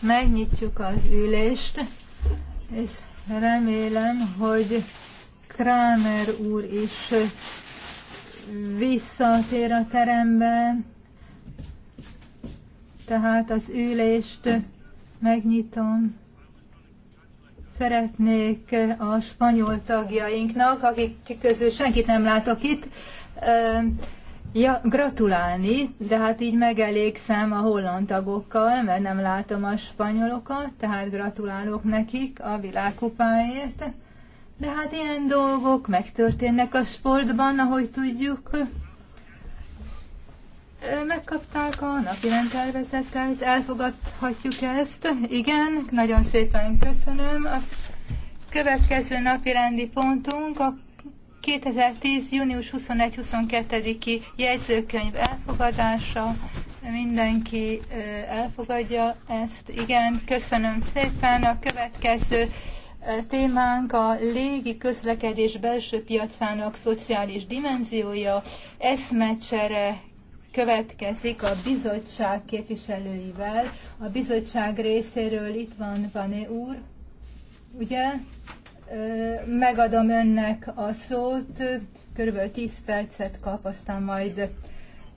Megnyitjuk az ülést, és remélem, hogy Kramer úr is visszatér a terembe. Tehát az ülést megnyitom. Szeretnék a spanyol tagjainknak, akik közül senkit nem látok itt, ja, gratulálni, de hát így megelégszem a holland tagokkal, mert nem látom a spanyolokat, tehát gratulálok nekik a világkupáért. De hát ilyen dolgok megtörténnek a sportban, ahogy tudjuk. Megkapták a napi rendtervezetet, elfogadhatjuk ezt. Igen, nagyon szépen köszönöm. A következő napi rendi pontunk a 2010. június 21-22-i jegyzőkönyv elfogadása. Mindenki elfogadja ezt. Igen, köszönöm szépen. A következő témánk a légi közlekedés belső piacának szociális dimenziója. Eszmecsere következik a bizottság képviselőivel. A bizottság részéről itt van Vané úr, ugye? Megadom önnek a szót, körülbelül 10 percet kap, aztán majd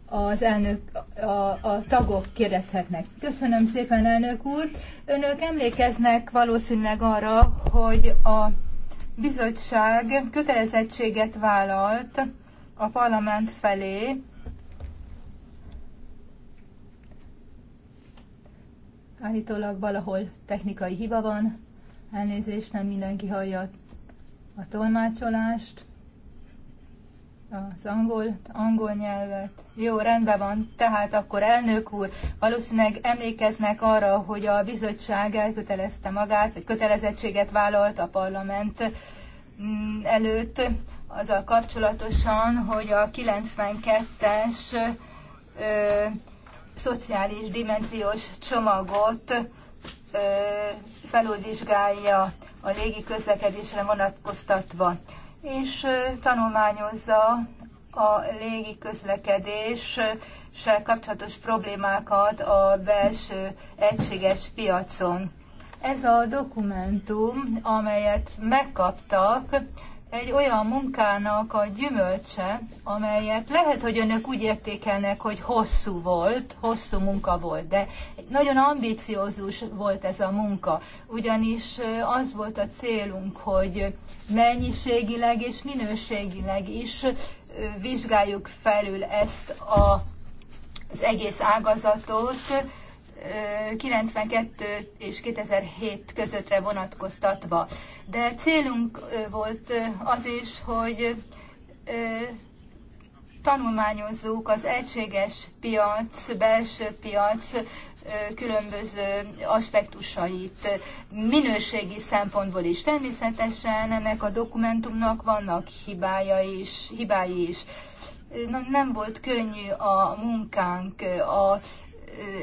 az elnök, a, a tagok kérdezhetnek. Köszönöm szépen, elnök úr. Önök emlékeznek valószínűleg arra, hogy a bizottság kötelezettséget vállalt a parlament felé, Állítólag valahol technikai hiba van. Elnézést, nem mindenki hallja a tolmácsolást, az angol, angol nyelvet. Jó, rendben van. Tehát akkor elnök úr, valószínűleg emlékeznek arra, hogy a bizottság elkötelezte magát, vagy kötelezettséget vállalt a parlament mm, előtt azzal kapcsolatosan, hogy a 92-es szociális dimenziós csomagot felülvizsgálja a légi közlekedésre vonatkoztatva, és tanulmányozza a légi közlekedéssel kapcsolatos problémákat a belső egységes piacon. Ez a dokumentum, amelyet megkaptak, egy olyan munkának a gyümölcse, amelyet lehet, hogy önök úgy értékelnek, hogy hosszú volt, hosszú munka volt, de nagyon ambiciózus volt ez a munka, ugyanis az volt a célunk, hogy mennyiségileg és minőségileg is vizsgáljuk felül ezt a, az egész ágazatot, 92 és 2007 közöttre vonatkoztatva. De célunk volt az is, hogy tanulmányozzuk az egységes piac, belső piac különböző aspektusait minőségi szempontból is. Természetesen ennek a dokumentumnak vannak hibája is, hibái is. Nem volt könnyű a munkánk, a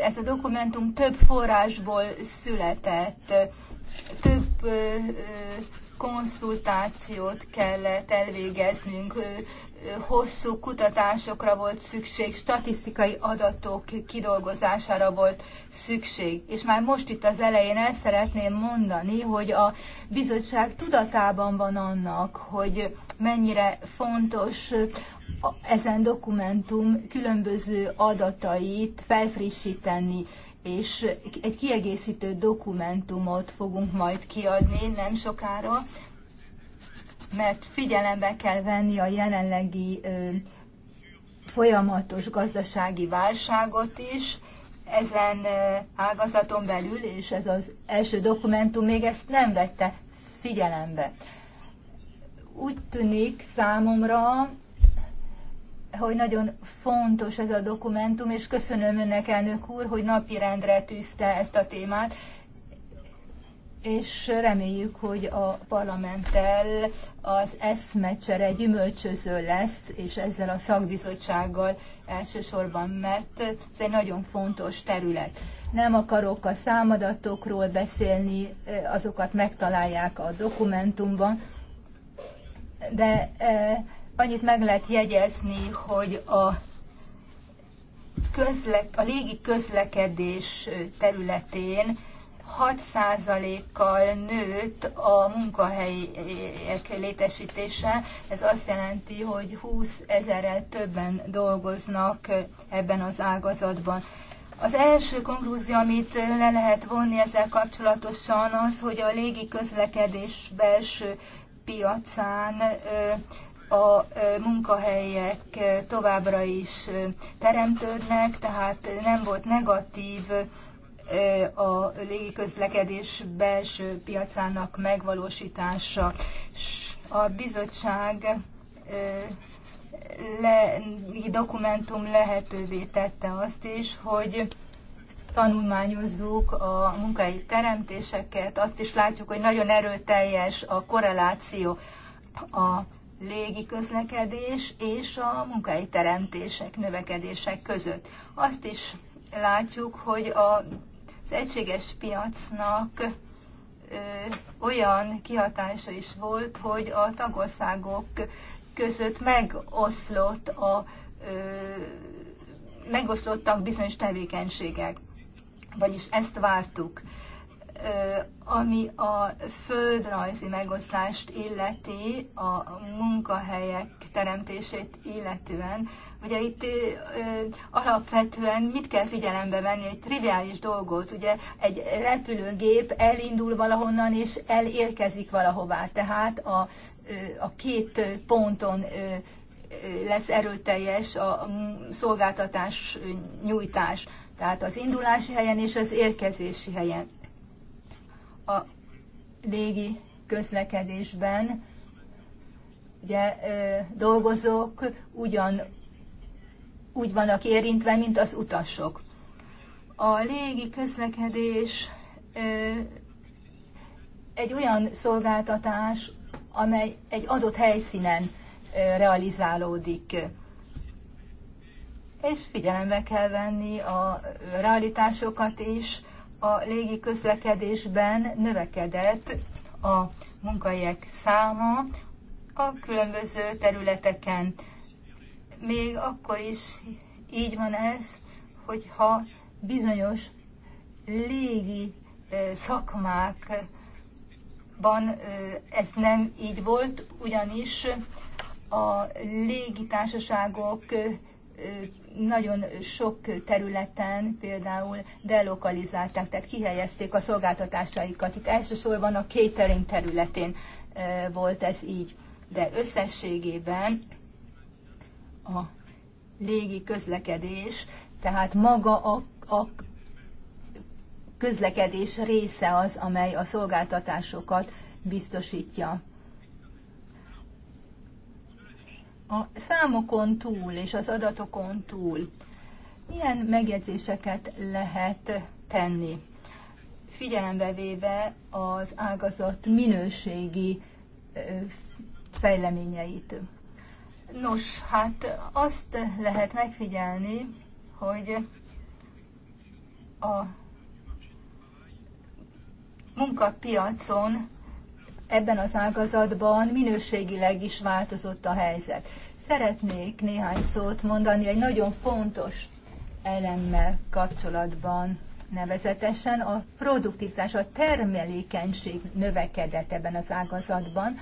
ez a dokumentum több forrásból született, több konszultációt kellett elvégeznünk, hosszú kutatásokra volt szükség, statisztikai adatok kidolgozására volt szükség. És már most itt az elején el szeretném mondani, hogy a bizottság tudatában van annak, hogy mennyire fontos ezen dokumentum különböző adatait felfrissíteni, és egy kiegészítő dokumentumot fogunk majd kiadni nem sokára, mert figyelembe kell venni a jelenlegi ö, folyamatos gazdasági válságot is, ezen ágazaton belül, és ez az első dokumentum még ezt nem vette figyelembe. Úgy tűnik számomra, hogy nagyon fontos ez a dokumentum, és köszönöm önnek, elnök úr, hogy napirendre tűzte ezt a témát, és reméljük, hogy a parlamenttel az eszmecsere gyümölcsöző lesz, és ezzel a szakbizottsággal elsősorban, mert ez egy nagyon fontos terület. Nem akarok a számadatokról beszélni, azokat megtalálják a dokumentumban, de eh, annyit meg lehet jegyezni, hogy a, közle, a légi közlekedés területén 6%-kal nőtt a munkahelyek létesítése. Ez azt jelenti, hogy 20 ezerrel többen dolgoznak ebben az ágazatban. Az első konklúzió, amit le lehet vonni ezzel kapcsolatosan az, hogy a légi közlekedés belső piacán a munkahelyek továbbra is teremtődnek, tehát nem volt negatív a légiközlekedés belső piacának megvalósítása. A bizottság le, dokumentum lehetővé tette azt is, hogy tanulmányozzuk a munkai teremtéseket, azt is látjuk, hogy nagyon erőteljes a korreláció a légi közlekedés és a munkai teremtések, növekedések között. Azt is látjuk, hogy a, az egységes piacnak ö, olyan kihatása is volt, hogy a tagországok között megoszlott a ö, megoszlottak bizonyos tevékenységek. Vagyis ezt vártuk ami a földrajzi megoszlást illeti, a munkahelyek teremtését illetően. Ugye itt alapvetően mit kell figyelembe venni, egy triviális dolgot, ugye egy repülőgép elindul valahonnan és elérkezik valahová, tehát a, a két ponton lesz erőteljes a szolgáltatás nyújtás, tehát az indulási helyen és az érkezési helyen a légi közlekedésben ugye dolgozók ugyan úgy vannak érintve, mint az utasok. A légi közlekedés egy olyan szolgáltatás, amely egy adott helyszínen realizálódik. És figyelembe kell venni a realitásokat is, a légi közlekedésben növekedett a munkahelyek száma a különböző területeken. Még akkor is így van ez, hogyha bizonyos légi szakmákban ez nem így volt, ugyanis a légitársaságok nagyon sok területen például delokalizálták, tehát kihelyezték a szolgáltatásaikat. Itt elsősorban a catering területén volt ez így, de összességében a légi közlekedés, tehát maga a, a közlekedés része az, amely a szolgáltatásokat biztosítja. a számokon túl és az adatokon túl milyen megjegyzéseket lehet tenni, figyelembe véve az ágazat minőségi fejleményeit. Nos, hát azt lehet megfigyelni, hogy a munkapiacon ebben az ágazatban minőségileg is változott a helyzet. Szeretnék néhány szót mondani egy nagyon fontos elemmel kapcsolatban, nevezetesen a produktivitás, a termelékenység növekedett ebben az ágazatban.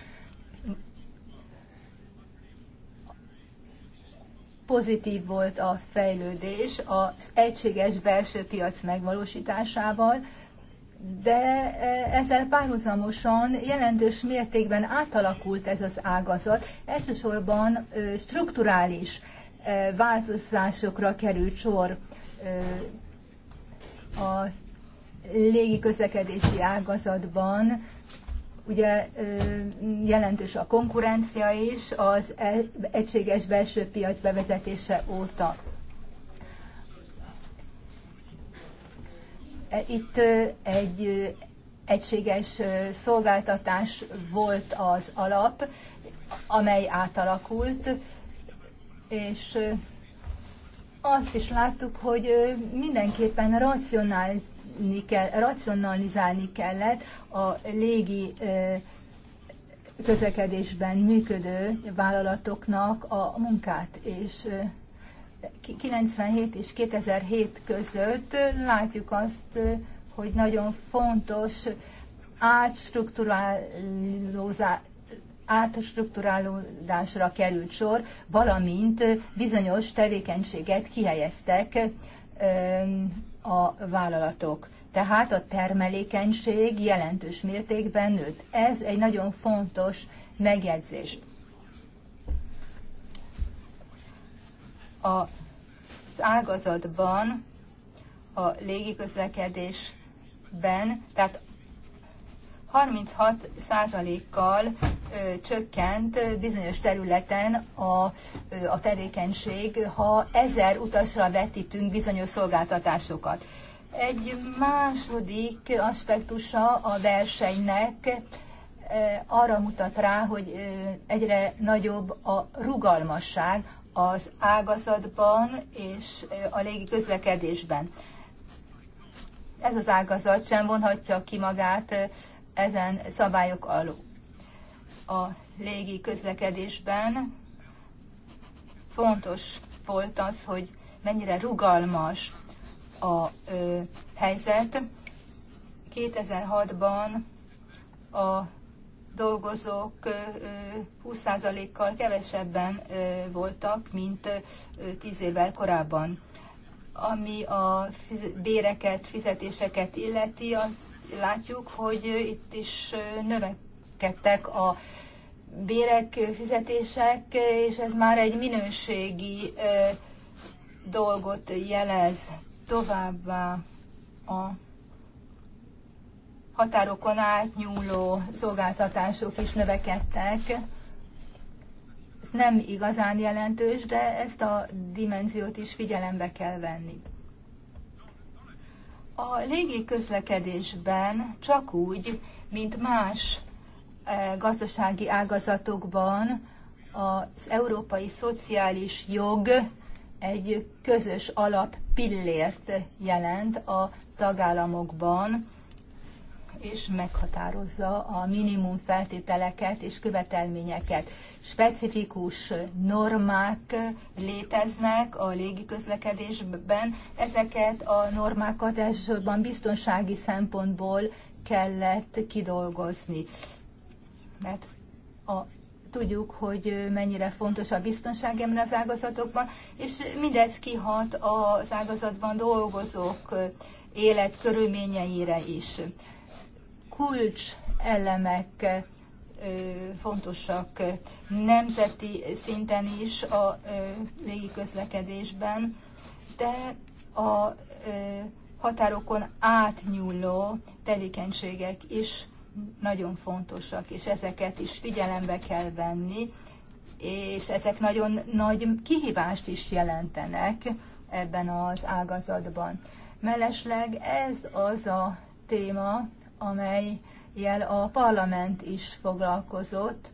Pozitív volt a fejlődés az egységes belső piac megvalósításával, de eh, ezzel párhuzamosan jelentős mértékben átalakult ez az ágazat. Elsősorban strukturális eh, változásokra került sor a légi közlekedési ágazatban. Ugye jelentős a konkurencia is az e-, egységes belső piac bevezetése óta. E, itt egy egységes szolgáltatás volt az alap, amely átalakult, és azt is láttuk, hogy mindenképpen racionalizálni, kell, racionalizálni kellett a légi közlekedésben működő vállalatoknak a munkát, és 97 és 2007 között látjuk azt, hogy nagyon fontos átstruktúrálódásra került sor, valamint bizonyos tevékenységet kihelyeztek a vállalatok. Tehát a termelékenység jelentős mértékben nőtt. Ez egy nagyon fontos megjegyzés. az ágazatban, a légiközlekedésben, tehát 36%-kal csökkent bizonyos területen a, ö, a tevékenység, ha ezer utasra vetítünk bizonyos szolgáltatásokat. Egy második aspektusa a versenynek arra mutat rá, hogy egyre nagyobb a rugalmasság az ágazatban és a légi közlekedésben. Ez az ágazat sem vonhatja ki magát ezen szabályok alól. A légi közlekedésben fontos volt az, hogy mennyire rugalmas a ö, helyzet. 2006-ban a dolgozók 20%-kal kevesebben voltak, mint 10 évvel korábban. Ami a béreket, fizetéseket illeti, azt látjuk, hogy itt is növekedtek a bérek, fizetések, és ez már egy minőségi dolgot jelez. Továbbá a határokon átnyúló szolgáltatások is növekedtek. Ez nem igazán jelentős, de ezt a dimenziót is figyelembe kell venni. A légi közlekedésben csak úgy, mint más e, gazdasági ágazatokban az európai szociális jog egy közös alap pillért jelent a tagállamokban és meghatározza a minimum feltételeket és követelményeket. Specifikus normák léteznek a légiközlekedésben, ezeket a normákat elsősorban biztonsági szempontból kellett kidolgozni. Mert a tudjuk, hogy mennyire fontos a biztonság ebben az ágazatokban, és mindez kihat az ágazatban dolgozók életkörülményeire is kulcs elemek fontosak nemzeti szinten is a légiközlekedésben, de a határokon átnyúló tevékenységek is nagyon fontosak, és ezeket is figyelembe kell venni, és ezek nagyon nagy kihívást is jelentenek ebben az ágazatban. Mellesleg ez az a téma, amelyel a parlament is foglalkozott,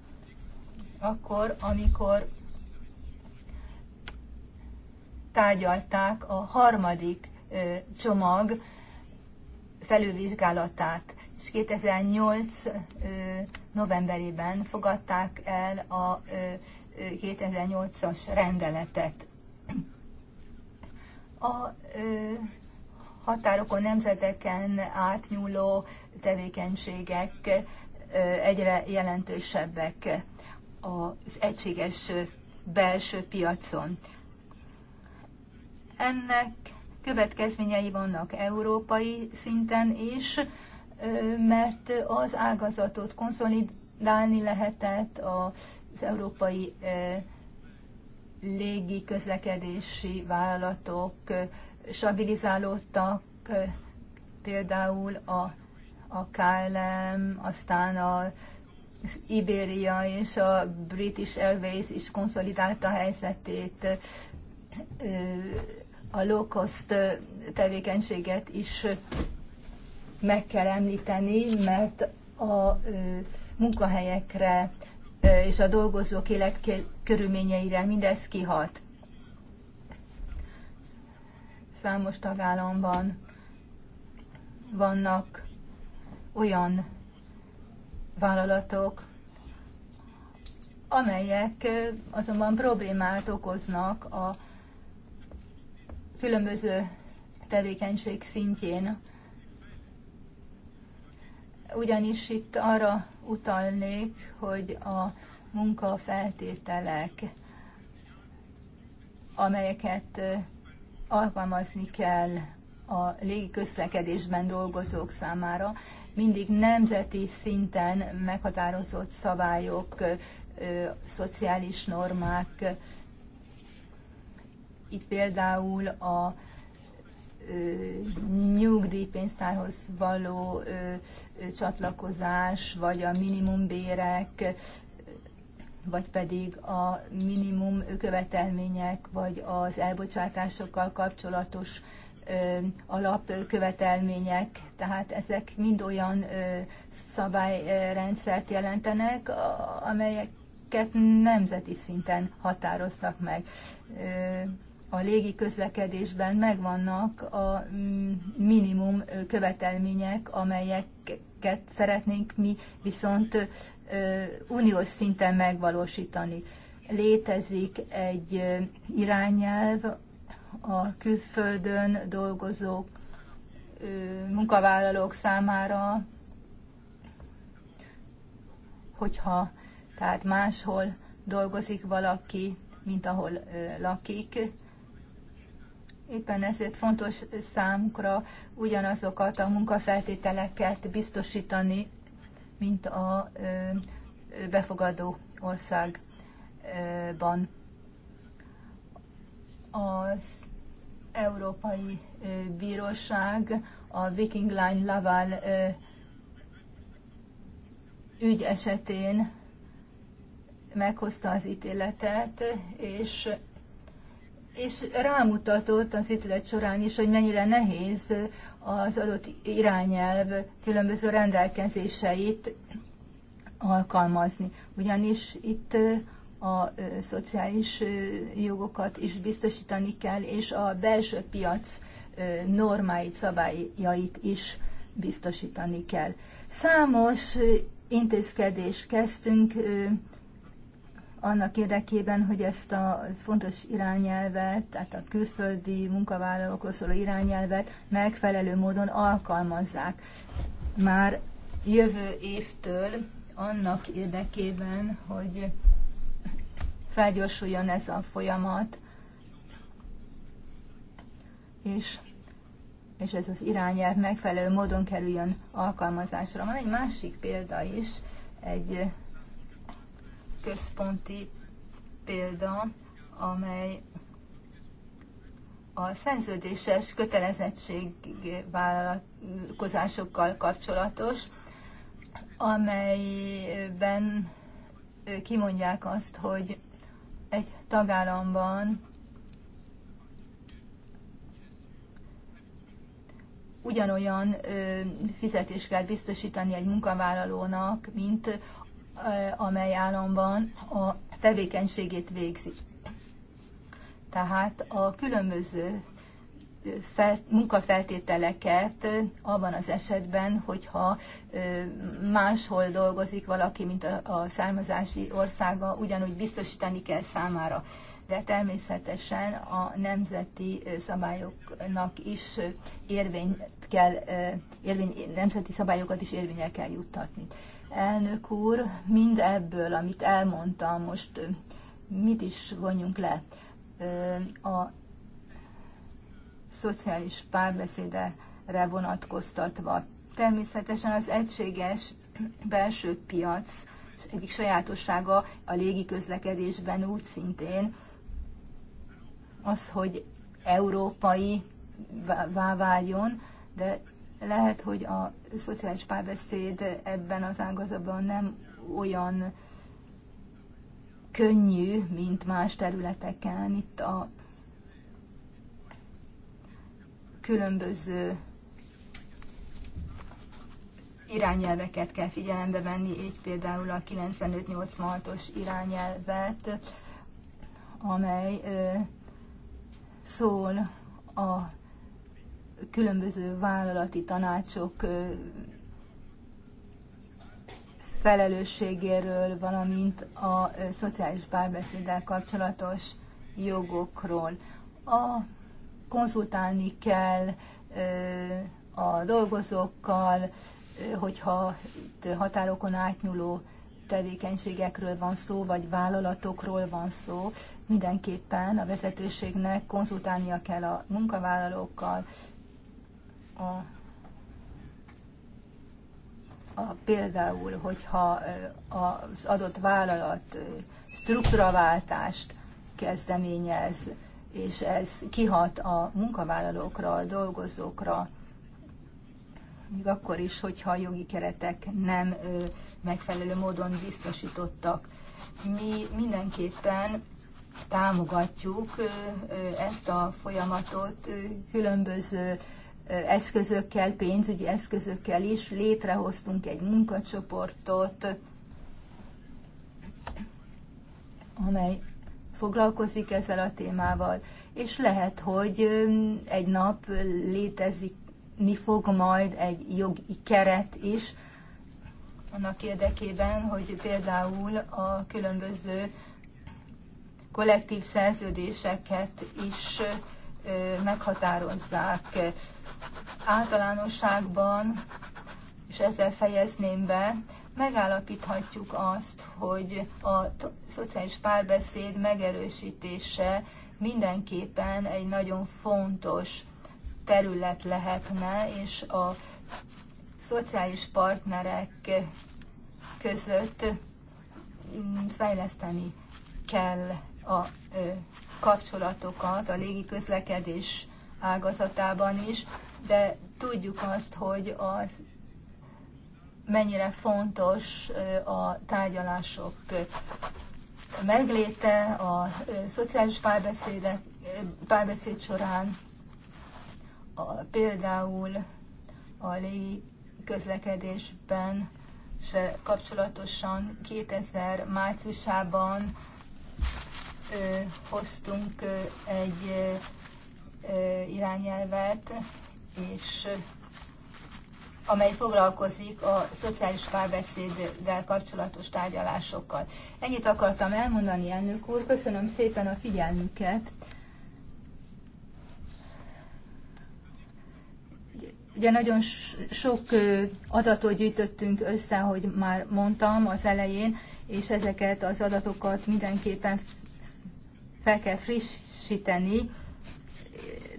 akkor, amikor tárgyalták a harmadik csomag felülvizsgálatát, és 2008 novemberében fogadták el a 2008-as rendeletet. A határokon, nemzeteken átnyúló tevékenységek egyre jelentősebbek az egységes belső piacon. Ennek következményei vannak európai szinten is, mert az ágazatot konszolidálni lehetett az európai légi közlekedési vállalatok stabilizálódtak például a, a KLM, aztán a az Iberia és a British Airways is konszolidálta a helyzetét, a low-cost tevékenységet is meg kell említeni, mert a munkahelyekre és a dolgozók életkörülményeire mindez kihat. Számos tagállamban vannak olyan vállalatok, amelyek azonban problémát okoznak a különböző tevékenység szintjén. Ugyanis itt arra utalnék, hogy a munkafeltételek, amelyeket alkalmazni kell a közlekedésben dolgozók számára. Mindig nemzeti szinten meghatározott szabályok, szociális normák, itt például a nyugdíjpénztárhoz való ö, ö, csatlakozás, vagy a minimumbérek vagy pedig a minimum követelmények, vagy az elbocsátásokkal kapcsolatos alapkövetelmények, tehát ezek mind olyan szabályrendszert jelentenek, amelyeket nemzeti szinten határoztak meg a légi közlekedésben megvannak a mm, minimum követelmények, amelyeket szeretnénk mi viszont uniós szinten megvalósítani. Létezik egy irányelv a külföldön dolgozók, munkavállalók számára, hogyha tehát máshol dolgozik valaki, mint ahol lakik, Éppen ezért fontos számukra ugyanazokat a munkafeltételeket biztosítani, mint a befogadó országban. Az Európai Bíróság a Viking Line Laval ügy esetén meghozta az ítéletet, és és rámutatott az ítélet során is, hogy mennyire nehéz az adott irányelv különböző rendelkezéseit alkalmazni. Ugyanis itt a szociális jogokat is biztosítani kell, és a belső piac normáit, szabályait is biztosítani kell. Számos intézkedést kezdtünk annak érdekében, hogy ezt a fontos irányelvet, tehát a külföldi munkavállalókról szóló irányelvet megfelelő módon alkalmazzák. Már jövő évtől annak érdekében, hogy felgyorsuljon ez a folyamat, és, és ez az irányelv megfelelő módon kerüljön alkalmazásra. Van egy másik példa is, egy központi példa, amely a szerződéses kötelezettségvállalkozásokkal kapcsolatos, amelyben kimondják azt, hogy egy tagállamban ugyanolyan fizetést kell biztosítani egy munkavállalónak, mint Eh, amely államban a tevékenységét végzi. Tehát a különböző eh, fel, munkafeltételeket eh, abban az esetben, hogyha máshol dolgozik valaki, mint a, a származási országa, ugyanúgy biztosítani kell számára. De természetesen a nemzeti szabályoknak is érvényt kell, érvény, nemzeti szabályokat is érvényel kell juttatni. Elnök úr, mind ebből, amit elmondtam, most mit is vonjunk le? A szociális párbeszédre vonatkoztatva. Természetesen az egységes belső piac egyik sajátossága a légi közlekedésben úgy szintén az, hogy európai vá váljon, de lehet, hogy a szociális párbeszéd ebben az ágazatban nem olyan könnyű, mint más területeken. Itt a különböző irányelveket kell figyelembe venni, így például a 95-86-os irányelvet, amely szól a különböző vállalati tanácsok felelősségéről, valamint a szociális párbeszéddel kapcsolatos jogokról. A konzultálni kell a dolgozókkal, hogyha itt határokon átnyúló tevékenységekről van szó, vagy vállalatokról van szó, mindenképpen a vezetőségnek konzultálnia kell a munkavállalókkal, a, a például, hogyha az adott vállalat struktúraváltást kezdeményez, és ez kihat a munkavállalókra, a dolgozókra, még akkor is, hogyha a jogi keretek nem ö, megfelelő módon biztosítottak. Mi mindenképpen támogatjuk ö, ö, ezt a folyamatot ö, különböző eszközökkel, pénzügyi eszközökkel is létrehoztunk egy munkacsoportot, amely foglalkozik ezzel a témával, és lehet, hogy egy nap létezik fog majd egy jogi keret is, annak érdekében, hogy például a különböző kollektív szerződéseket is meghatározzák. Általánosságban, és ezzel fejezném be, megállapíthatjuk azt, hogy a szociális párbeszéd megerősítése mindenképpen egy nagyon fontos terület lehetne, és a szociális partnerek között mm, fejleszteni kell a kapcsolatokat a légi közlekedés ágazatában is, de tudjuk azt, hogy az mennyire fontos a tárgyalások megléte a szociális párbeszéd, párbeszéd során, a, például a légi közlekedésben se kapcsolatosan 2000 márciusában hoztunk egy irányelvet, és amely foglalkozik a szociális párbeszéddel kapcsolatos tárgyalásokkal. Ennyit akartam elmondani, elnök úr. Köszönöm szépen a figyelmüket. Ugye nagyon sok adatot gyűjtöttünk össze, hogy már mondtam az elején, és ezeket az adatokat mindenképpen fel kell frissíteni,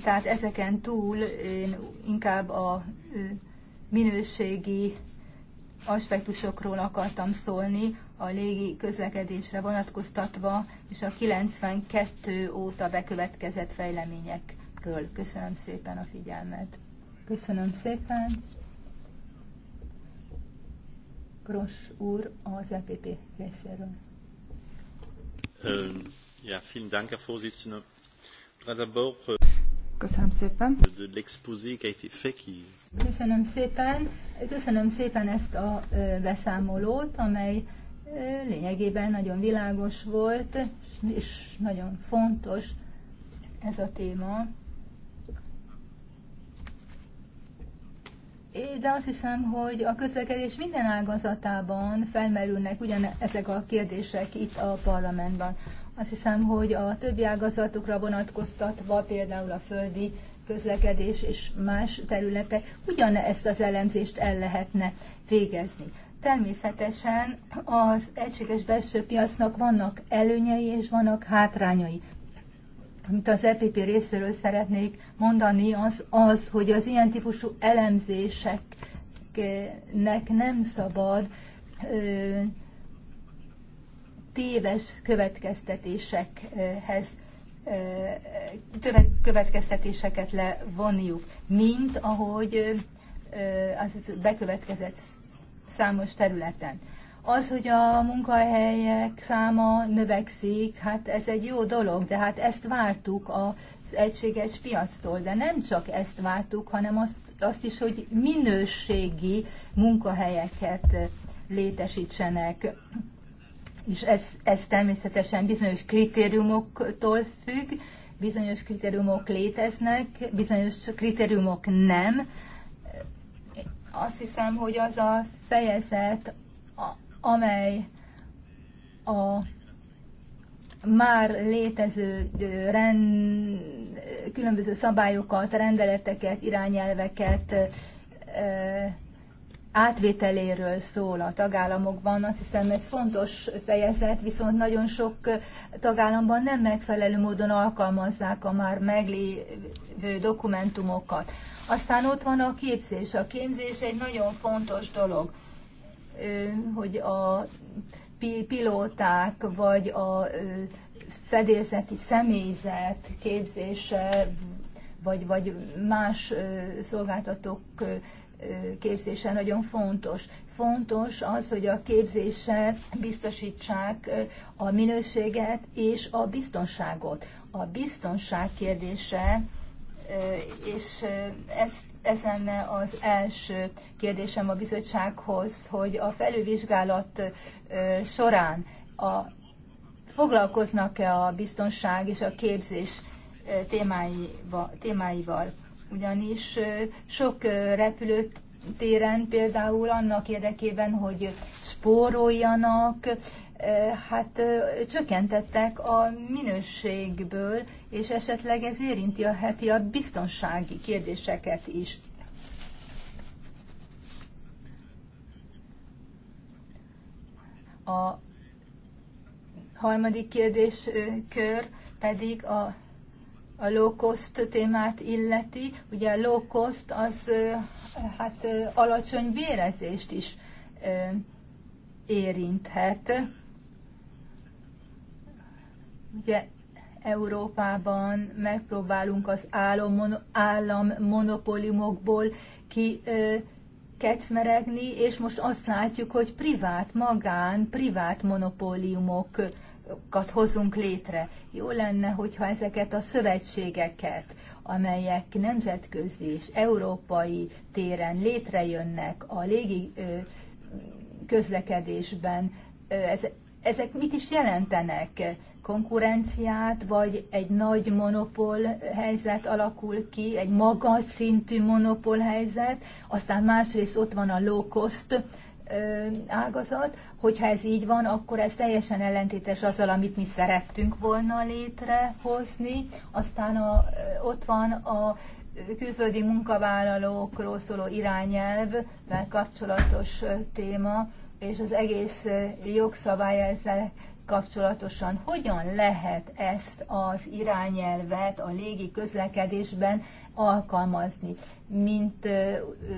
tehát ezeken túl én inkább a minőségi aspektusokról akartam szólni, a légi közlekedésre vonatkoztatva, és a 92 óta bekövetkezett fejleményekről. Köszönöm szépen a figyelmet. Köszönöm szépen. Gross úr az EPP részéről. Euh, euh, Köszönöm szépen. Köszönöm szépen. Köszönöm szépen ezt a beszámolót, amely lényegében nagyon világos volt, és nagyon fontos ez a téma. de azt hiszem, hogy a közlekedés minden ágazatában felmerülnek ugyan ezek a kérdések itt a parlamentben. Azt hiszem, hogy a többi ágazatokra vonatkoztatva, például a földi közlekedés és más területek, ugyanezt az elemzést el lehetne végezni. Természetesen az egységes belső piacnak vannak előnyei és vannak hátrányai amit az EPP részéről szeretnék mondani, az az, hogy az ilyen típusú elemzéseknek nem szabad ö, téves következtetésekhez ö, következtetéseket levonniuk, mint ahogy ö, az bekövetkezett számos területen. Az, hogy a munkahelyek száma növekszik, hát ez egy jó dolog, de hát ezt vártuk az egységes piactól. De nem csak ezt vártuk, hanem azt, azt is, hogy minőségi munkahelyeket létesítsenek. És ez, ez természetesen bizonyos kritériumoktól függ, bizonyos kritériumok léteznek, bizonyos kritériumok nem. Azt hiszem, hogy az a fejezet, amely a már létező rend, különböző szabályokat, rendeleteket, irányelveket átvételéről szól a tagállamokban. Azt hiszem, ez fontos fejezet, viszont nagyon sok tagállamban nem megfelelő módon alkalmazzák a már meglévő dokumentumokat. Aztán ott van a képzés. A képzés egy nagyon fontos dolog hogy a pilóták vagy a fedélzeti személyzet képzése, vagy, vagy más szolgáltatók képzése nagyon fontos. Fontos az, hogy a képzéssel biztosítsák a minőséget és a biztonságot. A biztonság kérdése, és ezt ez lenne az első kérdésem a bizottsághoz, hogy a felülvizsgálat során a, foglalkoznak-e a biztonság és a képzés témáiba, témáival. Ugyanis sok repülőt téren például annak érdekében, hogy spóroljanak, hát csökkentettek a minőségből, és esetleg ez érinti a heti a biztonsági kérdéseket is. A harmadik kérdéskör pedig a, a low cost témát illeti. Ugye a low cost az hát alacsony bérezést is érinthet. Ugye Európában megpróbálunk az állam, ki kecmeregni, és most azt látjuk, hogy privát, magán, privát monopóliumokat hozunk létre. Jó lenne, hogyha ezeket a szövetségeket, amelyek nemzetközi és európai téren létrejönnek a légi közlekedésben, ez, ezek mit is jelentenek? Konkurenciát, vagy egy nagy monopól helyzet alakul ki, egy magas szintű monopól helyzet, aztán másrészt ott van a low cost ágazat, hogyha ez így van, akkor ez teljesen ellentétes azzal, amit mi szerettünk volna létrehozni. Aztán a, ott van a külföldi munkavállalókról szóló irányelvvel kapcsolatos téma, és az egész jogszabály ezzel kapcsolatosan. Hogyan lehet ezt az irányelvet a légi közlekedésben alkalmazni? Mint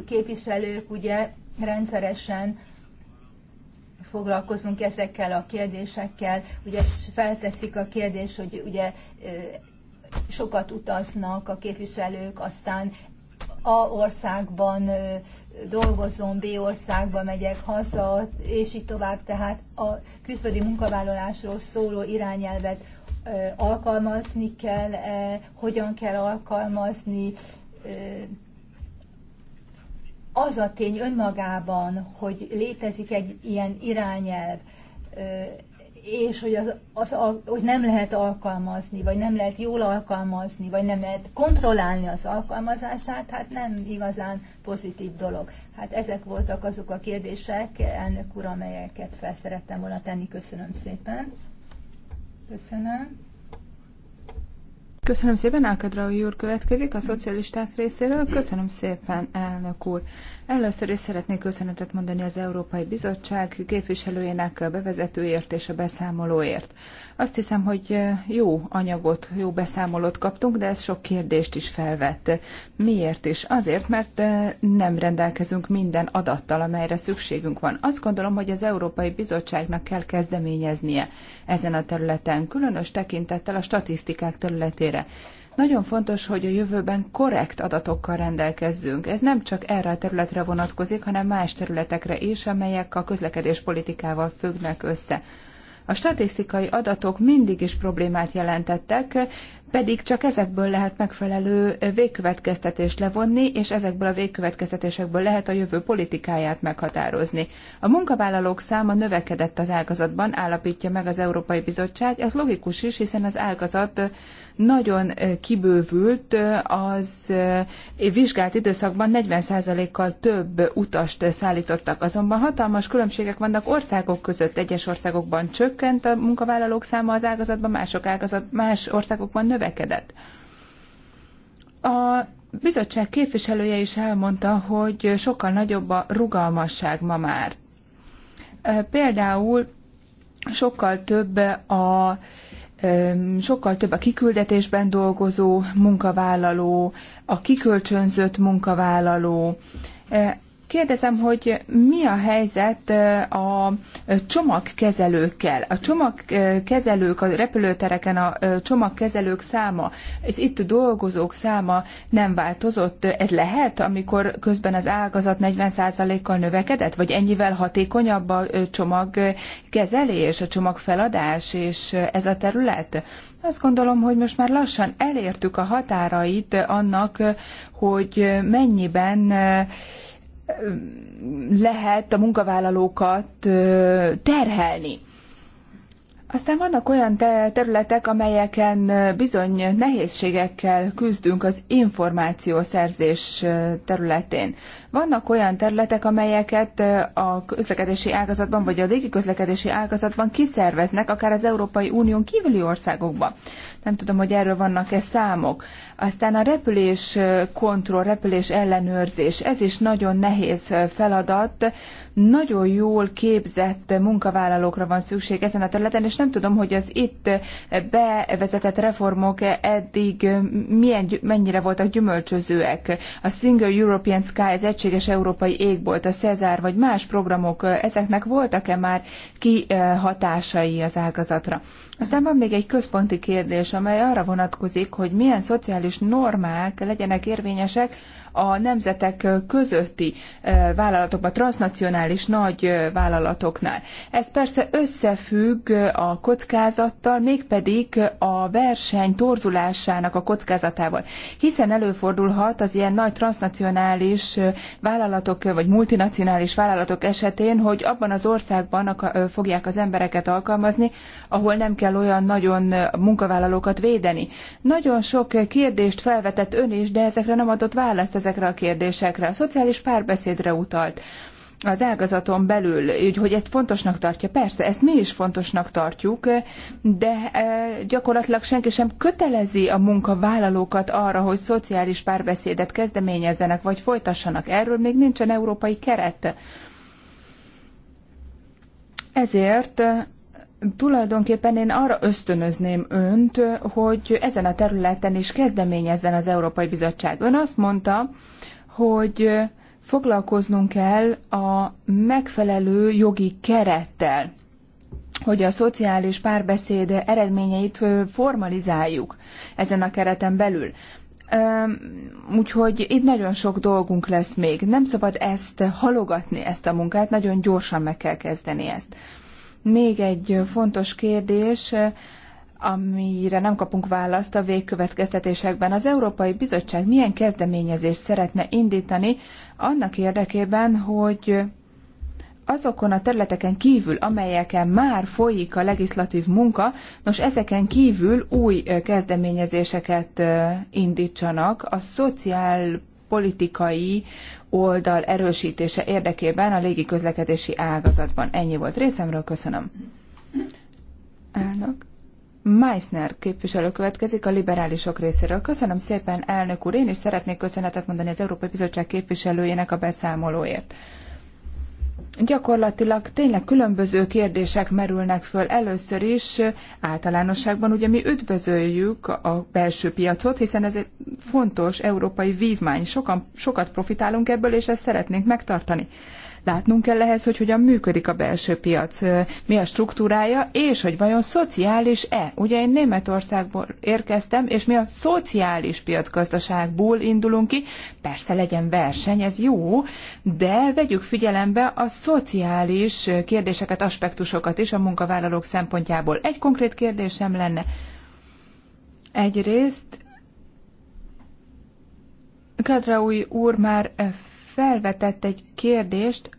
képviselők ugye rendszeresen foglalkozunk ezekkel a kérdésekkel, ugye felteszik a kérdés, hogy ugye sokat utaznak a képviselők, aztán a országban dolgozom, B országba megyek haza, és így tovább. Tehát a külföldi munkavállalásról szóló irányelvet alkalmazni kell, e, hogyan kell alkalmazni. Az a tény önmagában, hogy létezik egy ilyen irányelv, és hogy, az, az, a, hogy nem lehet alkalmazni, vagy nem lehet jól alkalmazni, vagy nem lehet kontrollálni az alkalmazását, hát nem igazán pozitív dolog. Hát ezek voltak azok a kérdések, elnök úr, amelyeket felszerettem volna tenni. Köszönöm szépen. Köszönöm. Köszönöm szépen, Alkadraui úr következik a szocialisták részéről. Köszönöm szépen, elnök úr. Először is szeretnék köszönetet mondani az Európai Bizottság képviselőjének a bevezetőért és a beszámolóért. Azt hiszem, hogy jó anyagot, jó beszámolót kaptunk, de ez sok kérdést is felvett. Miért is? Azért, mert nem rendelkezünk minden adattal, amelyre szükségünk van. Azt gondolom, hogy az Európai Bizottságnak kell kezdeményeznie ezen a területen, különös tekintettel a statisztikák területére. Nagyon fontos, hogy a jövőben korrekt adatokkal rendelkezzünk. Ez nem csak erre a területre vonatkozik, hanem más területekre is, amelyek a közlekedés politikával függnek össze. A statisztikai adatok mindig is problémát jelentettek, pedig csak ezekből lehet megfelelő végkövetkeztetést levonni, és ezekből a végkövetkeztetésekből lehet a jövő politikáját meghatározni. A munkavállalók száma növekedett az ágazatban, állapítja meg az Európai Bizottság. Ez logikus is, hiszen az ágazat nagyon kibővült, az vizsgált időszakban 40%-kal több utast szállítottak. Azonban hatalmas különbségek vannak országok között. Egyes országokban csökkent a munkavállalók száma az ágazatban, mások ágazat, más országokban növekedett növekedett. A bizottság képviselője is elmondta, hogy sokkal nagyobb a rugalmasság ma már. Például sokkal több a sokkal több a kiküldetésben dolgozó munkavállaló, a kikölcsönzött munkavállaló, Kérdezem, hogy mi a helyzet a csomagkezelőkkel? A csomagkezelők a repülőtereken, a csomagkezelők száma, az itt dolgozók száma nem változott. Ez lehet, amikor közben az ágazat 40%-kal növekedett, vagy ennyivel hatékonyabb a csomagkezelés, a csomagfeladás és ez a terület? Azt gondolom, hogy most már lassan elértük a határait annak, hogy mennyiben lehet a munkavállalókat terhelni. Aztán vannak olyan területek, amelyeken bizony nehézségekkel küzdünk az információszerzés területén. Vannak olyan területek, amelyeket a közlekedési ágazatban vagy a légiközlekedési ágazatban kiszerveznek, akár az Európai Unión kívüli országokban. Nem tudom, hogy erről vannak-e számok. Aztán a repülés kontroll, repülés ellenőrzés, ez is nagyon nehéz feladat, nagyon jól képzett munkavállalókra van szükség ezen a területen, és nem tudom, hogy az itt bevezetett reformok eddig milyen, mennyire voltak gyümölcsözőek. A Single European Sky, az Egységes Európai Égbolt, a Cezár vagy más programok, ezeknek voltak-e már kihatásai az ágazatra? Aztán van még egy központi kérdés, amely arra vonatkozik, hogy milyen szociális normák legyenek érvényesek a nemzetek közötti eh, vállalatokban, transnacionális nagy eh, vállalatoknál. Ez persze összefügg eh, a kockázattal, mégpedig a verseny torzulásának a kockázatával, hiszen előfordulhat az ilyen nagy transnacionális vállalatok vagy multinacionális vállalatok esetén, hogy abban az országban fogják az embereket alkalmazni, ahol nem kell kell olyan nagyon munkavállalókat védeni. Nagyon sok kérdést felvetett ön is, de ezekre nem adott választ ezekre a kérdésekre. A szociális párbeszédre utalt az ágazaton belül, úgy, hogy ezt fontosnak tartja. Persze, ezt mi is fontosnak tartjuk, de e, gyakorlatilag senki sem kötelezi a munkavállalókat arra, hogy szociális párbeszédet kezdeményezzenek, vagy folytassanak. Erről még nincsen európai keret. Ezért Tulajdonképpen én arra ösztönözném önt, hogy ezen a területen is kezdeményezzen az Európai Bizottság. Ön azt mondta, hogy foglalkoznunk kell a megfelelő jogi kerettel, hogy a szociális párbeszéd eredményeit formalizáljuk ezen a kereten belül. Úgyhogy itt nagyon sok dolgunk lesz még. Nem szabad ezt halogatni, ezt a munkát, nagyon gyorsan meg kell kezdeni ezt. Még egy fontos kérdés, amire nem kapunk választ a végkövetkeztetésekben. Az Európai Bizottság milyen kezdeményezést szeretne indítani annak érdekében, hogy azokon a területeken kívül, amelyeken már folyik a legislatív munka, nos ezeken kívül új kezdeményezéseket indítsanak a szociálpolitikai oldal erősítése érdekében a légiközlekedési ágazatban. Ennyi volt részemről, köszönöm. Elnök. Meissner képviselő következik a liberálisok részéről. Köszönöm szépen, elnök úr. Én is szeretnék köszönetet mondani az Európai Bizottság képviselőjének a beszámolóért gyakorlatilag tényleg különböző kérdések merülnek föl. Először is általánosságban ugye mi üdvözöljük a belső piacot, hiszen ez egy fontos európai vívmány. Sokan, sokat profitálunk ebből, és ezt szeretnénk megtartani. Látnunk kell ehhez, hogy hogyan működik a belső piac, mi a struktúrája, és hogy vajon szociális-e. Ugye én Németországból érkeztem, és mi a szociális piacgazdaságból indulunk ki. Persze legyen verseny, ez jó, de vegyük figyelembe a szociális kérdéseket, aspektusokat is a munkavállalók szempontjából. Egy konkrét kérdésem lenne. Egyrészt Kadraúj úr már felvetett egy kérdést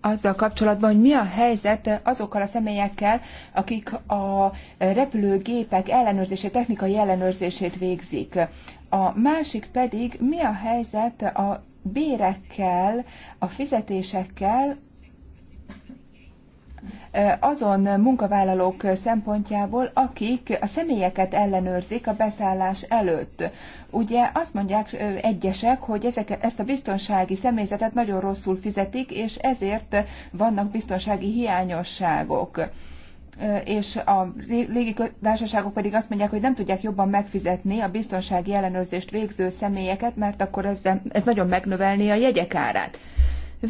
azzal kapcsolatban, hogy mi a helyzet azokkal a személyekkel, akik a repülőgépek ellenőrzése technikai ellenőrzését végzik. A másik pedig, mi a helyzet a bérekkel, a fizetésekkel, azon munkavállalók szempontjából, akik a személyeket ellenőrzik a beszállás előtt. Ugye azt mondják egyesek, hogy ezek, ezt a biztonsági személyzetet nagyon rosszul fizetik, és ezért vannak biztonsági hiányosságok és a légitársaságok pedig azt mondják, hogy nem tudják jobban megfizetni a biztonsági ellenőrzést végző személyeket, mert akkor ez, ez nagyon megnövelné a jegyek árát.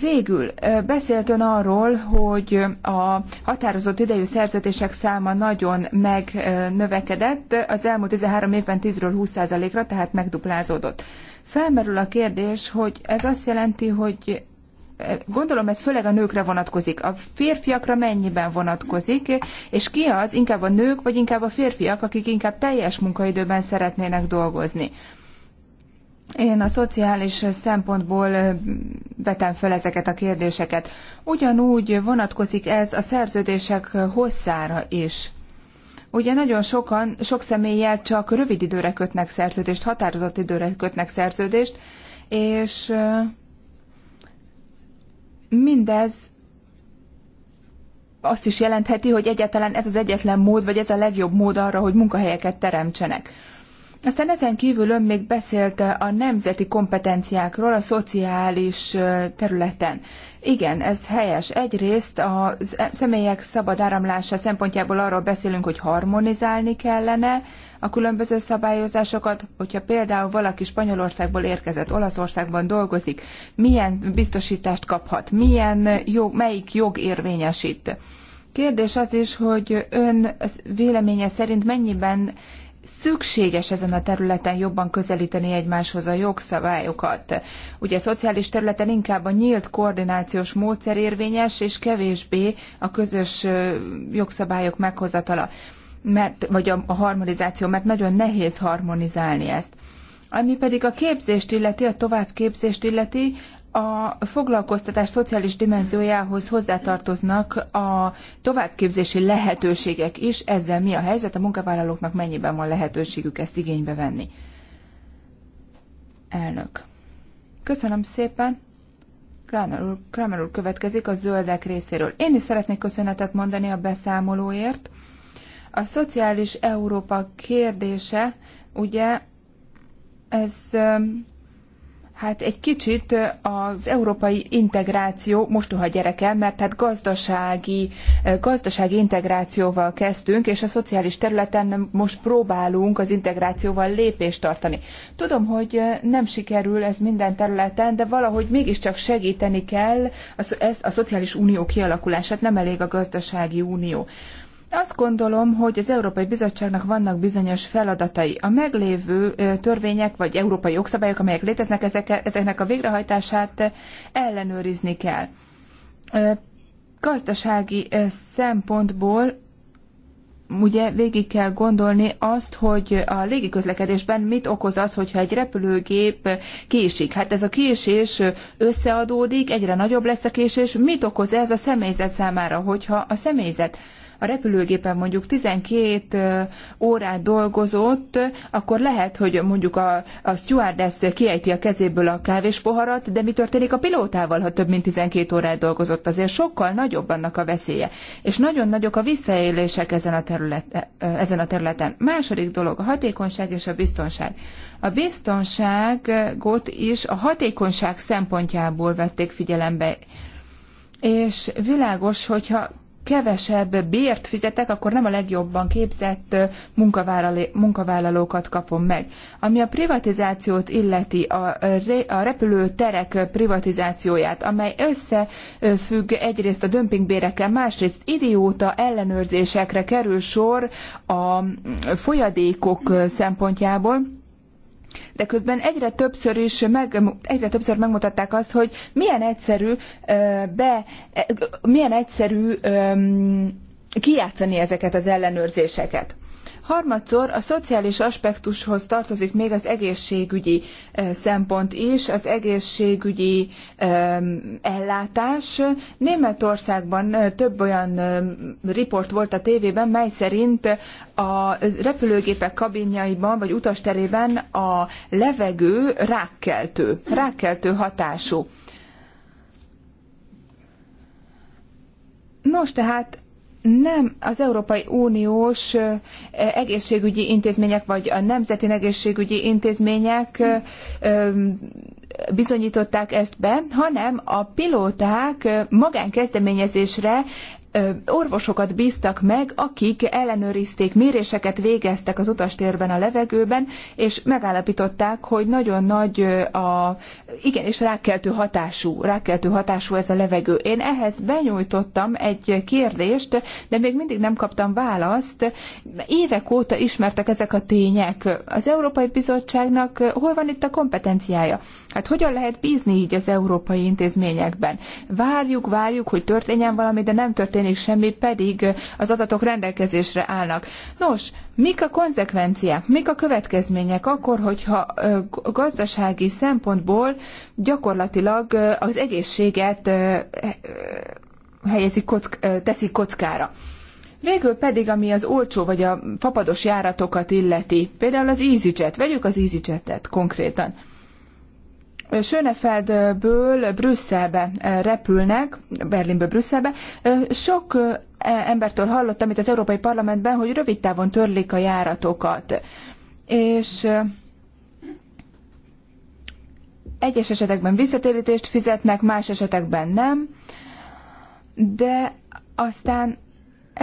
Végül beszélt ön arról, hogy a határozott idejű szerződések száma nagyon megnövekedett, az elmúlt 13 évben 10-ről 20%-ra, tehát megduplázódott. Felmerül a kérdés, hogy ez azt jelenti, hogy gondolom ez főleg a nőkre vonatkozik. A férfiakra mennyiben vonatkozik, és ki az, inkább a nők, vagy inkább a férfiak, akik inkább teljes munkaidőben szeretnének dolgozni. Én a szociális szempontból vetem fel ezeket a kérdéseket. Ugyanúgy vonatkozik ez a szerződések hosszára is. Ugye nagyon sokan, sok személlyel csak rövid időre kötnek szerződést, határozott időre kötnek szerződést, és mindez azt is jelentheti, hogy egyáltalán ez az egyetlen mód, vagy ez a legjobb mód arra, hogy munkahelyeket teremtsenek. Aztán ezen kívül ön még beszélt a nemzeti kompetenciákról a szociális területen. Igen, ez helyes. Egyrészt a személyek szabad áramlása szempontjából arról beszélünk, hogy harmonizálni kellene a különböző szabályozásokat, hogyha például valaki Spanyolországból érkezett, Olaszországban dolgozik, milyen biztosítást kaphat, milyen jog, melyik jog érvényesít. Kérdés az is, hogy ön véleménye szerint mennyiben szükséges ezen a területen jobban közelíteni egymáshoz a jogszabályokat. Ugye a szociális területen inkább a nyílt koordinációs módszer érvényes, és kevésbé a közös jogszabályok meghozatala, mert, vagy a, a harmonizáció, mert nagyon nehéz harmonizálni ezt. Ami pedig a képzést illeti, a továbbképzést illeti, a foglalkoztatás szociális dimenziójához hozzátartoznak a továbbképzési lehetőségek is. Ezzel mi a helyzet? A munkavállalóknak mennyiben van lehetőségük ezt igénybe venni? Elnök. Köszönöm szépen. Kramer úr, Kramer úr következik a zöldek részéről. Én is szeretnék köszönetet mondani a beszámolóért. A szociális Európa kérdése, ugye, ez Hát egy kicsit az európai integráció mostoha gyereke, mert hát gazdasági, gazdasági integrációval kezdtünk, és a szociális területen most próbálunk az integrációval lépést tartani. Tudom, hogy nem sikerül ez minden területen, de valahogy mégiscsak segíteni kell ezt a szociális unió kialakulását, nem elég a gazdasági unió. Azt gondolom, hogy az Európai Bizottságnak vannak bizonyos feladatai. A meglévő törvények vagy európai jogszabályok, amelyek léteznek, ezeknek a végrehajtását ellenőrizni kell. Gazdasági szempontból ugye végig kell gondolni azt, hogy a légiközlekedésben mit okoz az, hogyha egy repülőgép késik. Hát ez a késés összeadódik, egyre nagyobb lesz a késés. Mit okoz ez a személyzet számára, hogyha a személyzet a repülőgépen mondjuk 12 órát dolgozott, akkor lehet, hogy mondjuk a, a stewardess kiejti a kezéből a kávéspoharat, de mi történik a pilótával, ha több mint 12 órát dolgozott? Azért sokkal nagyobb annak a veszélye. És nagyon nagyok a visszaélések ezen a, területen, ezen a területen. Második dolog a hatékonyság és a biztonság. A biztonságot is a hatékonyság szempontjából vették figyelembe. És világos, hogyha kevesebb bért fizetek, akkor nem a legjobban képzett munkavállalókat kapom meg. Ami a privatizációt illeti, a, a repülőterek privatizációját, amely összefügg egyrészt a dömpingbérekkel, másrészt idióta ellenőrzésekre kerül sor a folyadékok szempontjából, de közben egyre többször is meg, egyre többször megmutatták azt, hogy milyen egyszerű be, milyen egyszerű kijátszani ezeket az ellenőrzéseket. Harmadszor a szociális aspektushoz tartozik még az egészségügyi szempont is, az egészségügyi ellátás. Németországban több olyan riport volt a tévében, mely szerint a repülőgépek kabinjaiban vagy utasterében a levegő rákkeltő, rákkeltő hatású. Nos, tehát nem az Európai Uniós egészségügyi intézmények, vagy a nemzeti egészségügyi intézmények bizonyították ezt be, hanem a pilóták magánkezdeményezésre orvosokat bíztak meg, akik ellenőrizték, méréseket végeztek az utastérben a levegőben, és megállapították, hogy nagyon nagy a, igenis rákkeltő hatású, rákkeltő hatású ez a levegő. Én ehhez benyújtottam egy kérdést, de még mindig nem kaptam választ. Évek óta ismertek ezek a tények. Az Európai Bizottságnak hol van itt a kompetenciája? Hát hogyan lehet bízni így az európai intézményekben? Várjuk, várjuk, hogy történjen valami, de nem történik történik semmi, pedig az adatok rendelkezésre állnak. Nos, mik a konzekvenciák, mik a következmények akkor, hogyha gazdasági szempontból gyakorlatilag az egészséget helyezik kock, teszik kockára? Végül pedig, ami az olcsó vagy a fapados járatokat illeti, például az EasyJet, vegyük az EasyJet-et konkrétan. Schönefeldből Brüsszelbe eh, repülnek, Berlinből Brüsszelbe. Eh, sok eh, embertől hallottam itt az Európai Parlamentben, hogy rövid távon törlik a járatokat. És egyes esetekben visszatérítést fizetnek, más esetekben nem, de aztán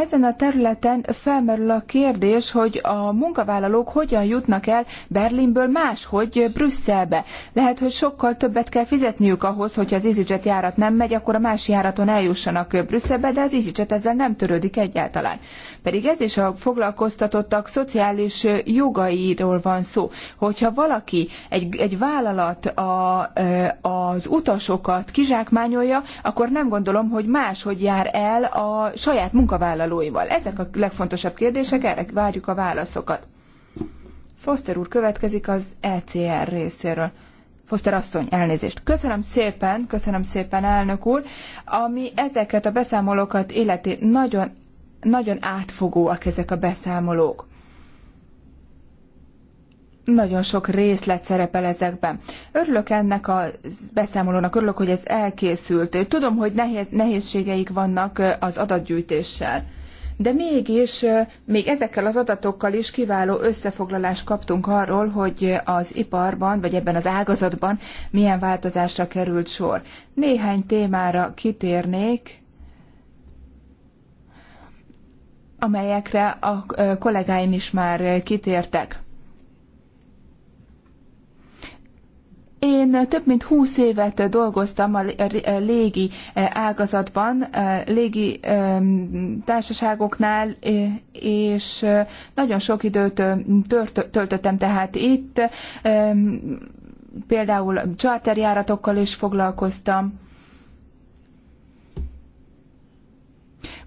ezen a területen felmerül a kérdés, hogy a munkavállalók hogyan jutnak el Berlinből máshogy Brüsszelbe. Lehet, hogy sokkal többet kell fizetniük ahhoz, hogyha az EasyJet járat nem megy, akkor a más járaton eljussanak Brüsszelbe, de az EasyJet ezzel nem törődik egyáltalán. Pedig ez is a foglalkoztatottak szociális jogairól van szó. Hogyha valaki, egy, egy vállalat a, az utasokat kizsákmányolja, akkor nem gondolom, hogy máshogy jár el a saját munkavállalók munkavállalóival? Ezek a legfontosabb kérdések, erre várjuk a válaszokat. Foster úr következik az ECR részéről. Foster asszony, elnézést. Köszönöm szépen, köszönöm szépen, elnök úr. Ami ezeket a beszámolókat illeti, nagyon, nagyon átfogóak ezek a beszámolók. Nagyon sok részlet szerepel ezekben. Örülök ennek a beszámolónak, örülök, hogy ez elkészült. Tudom, hogy nehéz, nehézségeik vannak az adatgyűjtéssel de mégis még ezekkel az adatokkal is kiváló összefoglalást kaptunk arról, hogy az iparban, vagy ebben az ágazatban milyen változásra került sor. Néhány témára kitérnék, amelyekre a kollégáim is már kitértek. Én több mint húsz évet dolgoztam a légi e, ágazatban, e, légi e, társaságoknál, és nagyon sok időt töltöttem tehát itt. Például charterjáratokkal is foglalkoztam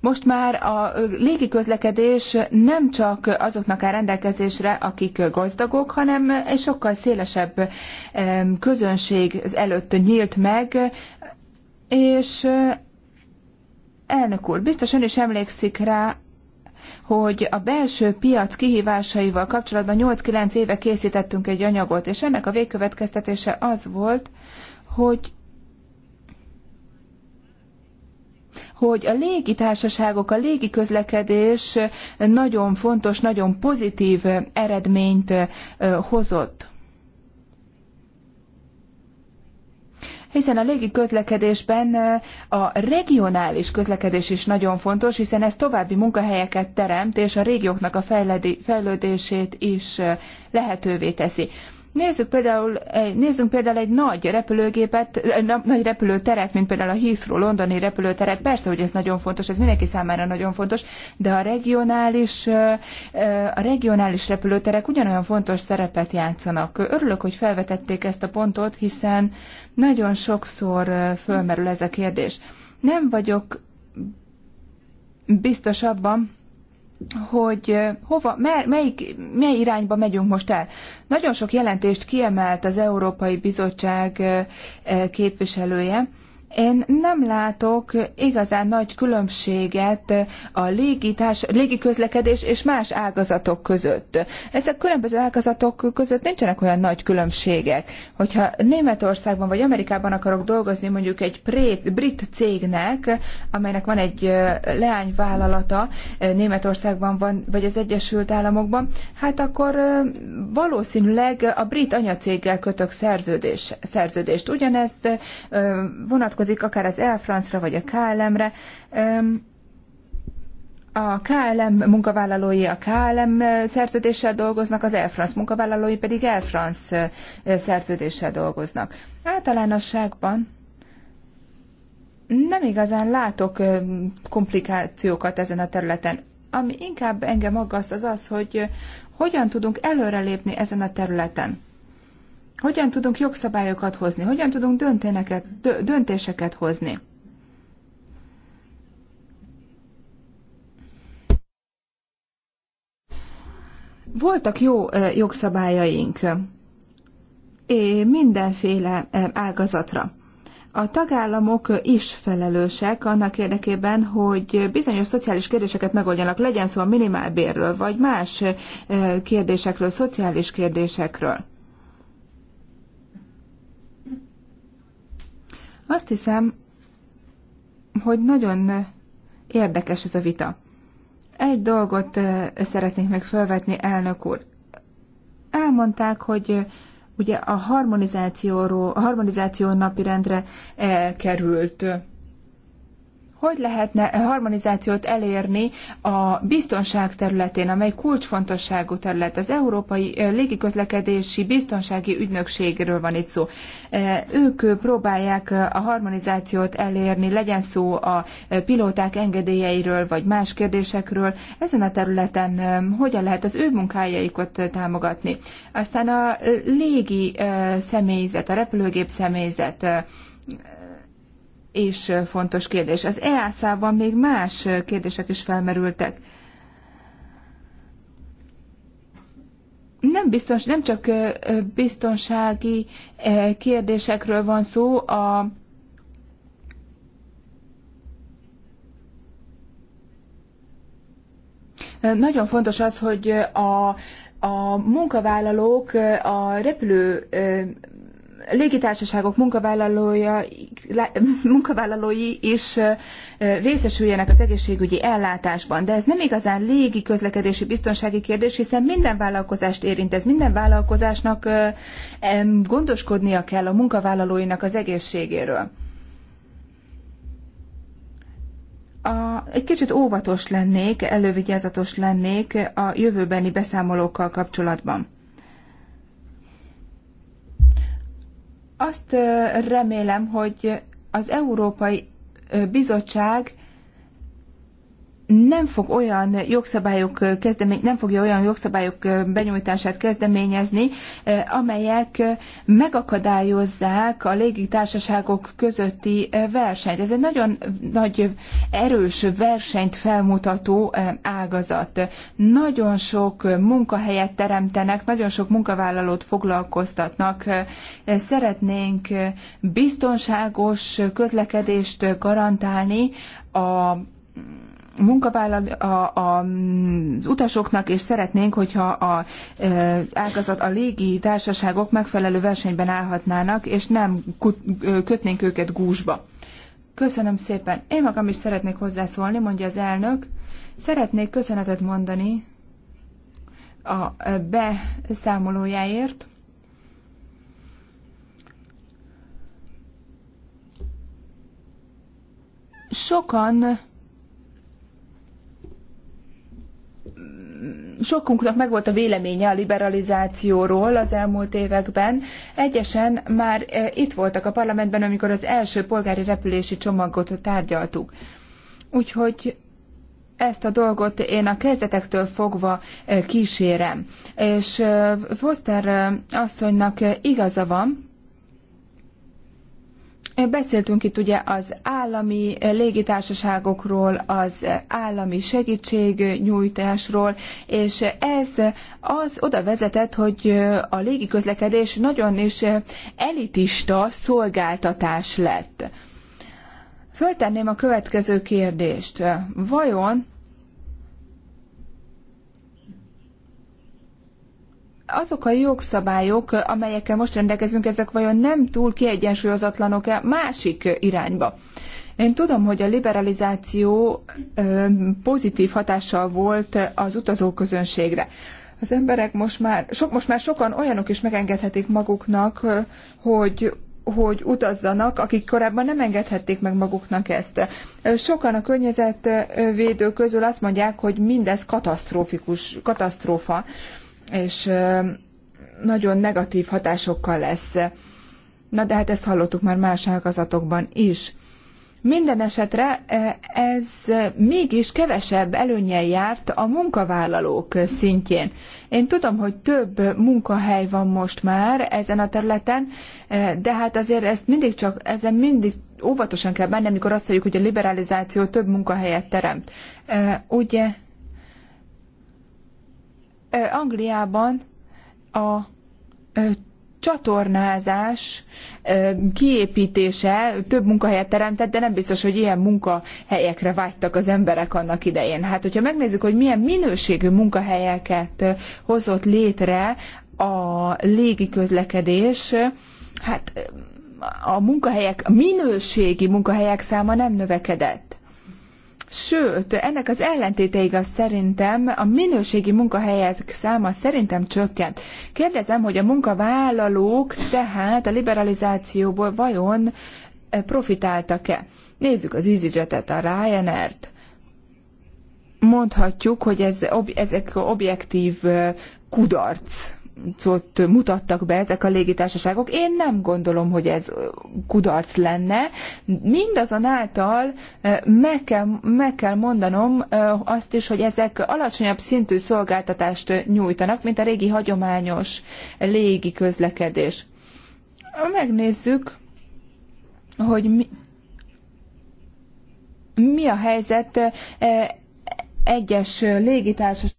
Most már a légi közlekedés nem csak azoknak áll rendelkezésre, akik gazdagok, hanem egy sokkal szélesebb közönség előtt nyílt meg, és elnök úr, biztos ön is emlékszik rá, hogy a belső piac kihívásaival kapcsolatban 8-9 éve készítettünk egy anyagot, és ennek a végkövetkeztetése az volt, hogy hogy a légitársaságok, a légiközlekedés nagyon fontos, nagyon pozitív eredményt hozott. hiszen a légi közlekedésben a regionális közlekedés is nagyon fontos, hiszen ez további munkahelyeket teremt, és a régióknak a fejlődését is lehetővé teszi. Nézzük például, nézzünk például egy nagy repülőgépet, nagy repülőteret, mint például a Heathrow, londoni repülőteret. Persze, hogy ez nagyon fontos, ez mindenki számára nagyon fontos, de a regionális, a regionális repülőterek ugyanolyan fontos szerepet játszanak. Örülök, hogy felvetették ezt a pontot, hiszen nagyon sokszor fölmerül ez a kérdés. Nem vagyok biztos abban, hogy hova, mer, melyik, mely irányba megyünk most el. Nagyon sok jelentést kiemelt az Európai Bizottság képviselője, én nem látok igazán nagy különbséget a légitás, légiközlekedés és más ágazatok között. Ezek különböző ágazatok között nincsenek olyan nagy különbségek. Hogyha Németországban vagy Amerikában akarok dolgozni mondjuk egy brit cégnek, amelynek van egy leányvállalata Németországban van, vagy az Egyesült Államokban, hát akkor valószínűleg a brit anyacéggel kötök szerződés, szerződést. Ugyanezt vonatkozik vonatkozik, akár az Air France-ra vagy a KLM-re. A KLM munkavállalói a KLM szerződéssel dolgoznak, az Air France munkavállalói pedig Air France szerződéssel dolgoznak. Általánosságban nem igazán látok komplikációkat ezen a területen. Ami inkább engem aggaszt az az, hogy hogyan tudunk előrelépni ezen a területen. Hogyan tudunk jogszabályokat hozni? Hogyan tudunk döntéseket hozni? Voltak jó jogszabályaink mindenféle ágazatra. A tagállamok is felelősek annak érdekében, hogy bizonyos szociális kérdéseket megoldjanak, legyen szó a minimálbérről, vagy más kérdésekről, szociális kérdésekről. Azt hiszem, hogy nagyon érdekes ez a vita. Egy dolgot szeretnék meg felvetni, elnök úr. Elmondták, hogy ugye a harmonizációról, a harmonizáció napirendre került hogy lehetne harmonizációt elérni a biztonság területén, amely kulcsfontosságú terület. Az Európai eh, Légiközlekedési Biztonsági Ügynökségről van itt szó. Eh, ők eh, próbálják a harmonizációt elérni, legyen szó a pilóták engedélyeiről, vagy más kérdésekről. Ezen a területen hogyan lehet az ő munkájaikat támogatni? Aztán a légi személyzet, a repülőgép személyzet, is fontos kérdés. Az EASA-ban még más kérdések is felmerültek. nem biztos, nem csak biztonsági kérdésekről van szó, a Nagyon fontos az, hogy a, a munkavállalók a repülő légitársaságok munkavállalói is részesüljenek az egészségügyi ellátásban. De ez nem igazán légi közlekedési biztonsági kérdés, hiszen minden vállalkozást érint ez, minden vállalkozásnak gondoskodnia kell a munkavállalóinak az egészségéről. A, egy kicsit óvatos lennék, elővigyázatos lennék a jövőbeni beszámolókkal kapcsolatban. Azt remélem, hogy az Európai Bizottság nem fog olyan jogszabályok kezdemény, nem fogja olyan jogszabályok benyújtását kezdeményezni, eh, amelyek megakadályozzák a légitársaságok közötti eh, versenyt. Ez egy nagyon nagy erős versenyt felmutató eh, ágazat. Nagyon sok munkahelyet teremtenek, nagyon sok munkavállalót foglalkoztatnak. Szeretnénk biztonságos közlekedést garantálni a munkavállal, a, a, az utasoknak, és szeretnénk, hogyha a e, ágazat, a légi társaságok megfelelő versenyben állhatnának, és nem kut, kötnénk őket gúzsba. Köszönöm szépen. Én magam is szeretnék hozzászólni, mondja az elnök. Szeretnék köszönetet mondani a beszámolójáért. Sokan sokunknak megvolt a véleménye a liberalizációról az elmúlt években. Egyesen már e, itt voltak a parlamentben, amikor az első polgári repülési csomagot tárgyaltuk. Úgyhogy ezt a dolgot én a kezdetektől fogva e, kísérem. És e, Foster asszonynak igaza van, Beszéltünk itt ugye az állami légitársaságokról, az állami segítségnyújtásról, és ez az oda vezetett, hogy a légiközlekedés nagyon is elitista szolgáltatás lett. Föltenném a következő kérdést. Vajon azok a jogszabályok, amelyekkel most rendelkezünk, ezek vajon nem túl kiegyensúlyozatlanok-e másik irányba? Én tudom, hogy a liberalizáció pozitív hatással volt az utazóközönségre. Az emberek most már, sok, most már sokan olyanok is megengedhetik maguknak, hogy hogy utazzanak, akik korábban nem engedhették meg maguknak ezt. Sokan a környezetvédők közül azt mondják, hogy mindez katasztrófikus, katasztrófa és nagyon negatív hatásokkal lesz. Na de hát ezt hallottuk már más ágazatokban is. Minden esetre ez mégis kevesebb előnyel járt a munkavállalók szintjén. Én tudom, hogy több munkahely van most már ezen a területen, de hát azért ezt mindig csak, ezen mindig óvatosan kell bánni, amikor azt mondjuk, hogy a liberalizáció több munkahelyet teremt. Ugye Angliában a csatornázás kiépítése több munkahelyet teremtett, de nem biztos, hogy ilyen munkahelyekre vágytak az emberek annak idején. Hát, hogyha megnézzük, hogy milyen minőségű munkahelyeket hozott létre a légiközlekedés, hát a munkahelyek, a minőségi munkahelyek száma nem növekedett. Sőt, ennek az ellentéte igaz szerintem, a minőségi munkahelyek száma szerintem csökkent. Kérdezem, hogy a munkavállalók tehát a liberalizációból vajon e, profitáltak-e? Nézzük az EasyJet-et, a Ryanair-t. Mondhatjuk, hogy ez, ob, ezek objektív e, kudarc kudarcot mutattak be ezek a légitársaságok. Én nem gondolom, hogy ez kudarc lenne. Mindazonáltal meg kell, meg kell mondanom azt is, hogy ezek alacsonyabb szintű szolgáltatást nyújtanak, mint a régi hagyományos légi közlekedés. Megnézzük, hogy mi, mi a helyzet egyes légitársaságok